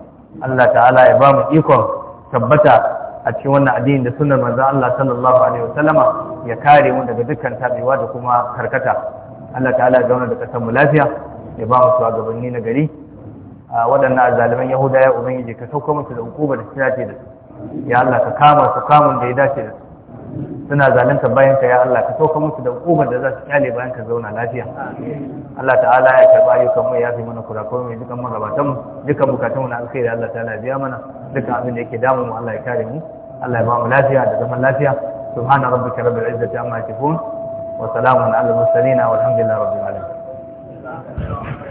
Allah ta'ala ya ba mu ikon tabbata a cikin wannan addini da sunan manzon Allah sallallahu alaihi wasallama ya kare mu daga dukkan tabewa da kuma karkata Allah ta'ala ya zauna da kasar mu lafiya ya ba mu shugabanni na gari waɗannan zaliman yahudawa ubangiji ka sauko musu da hukuma da ta dace da su ya Allah ka kama su kamun da ya dace da su suna zalunta bayan ka ya Allah ka sauka musu da hukumar da za su kyale bayan ka zauna lafiya Allah ta'ala ya karba ayyukan mu ya fi mana kurakurai mai dukan magabatan mu dukan bukatun mu na alkhairi Allah ta lafiya mana dukan abin da yake damu mu Allah ya kare mu Allah ya ba mu lafiya da zaman lafiya subhana rabbika rabbil izzati amma yasifun wa salamun ala al mursalin walhamdulillahi rabbil alamin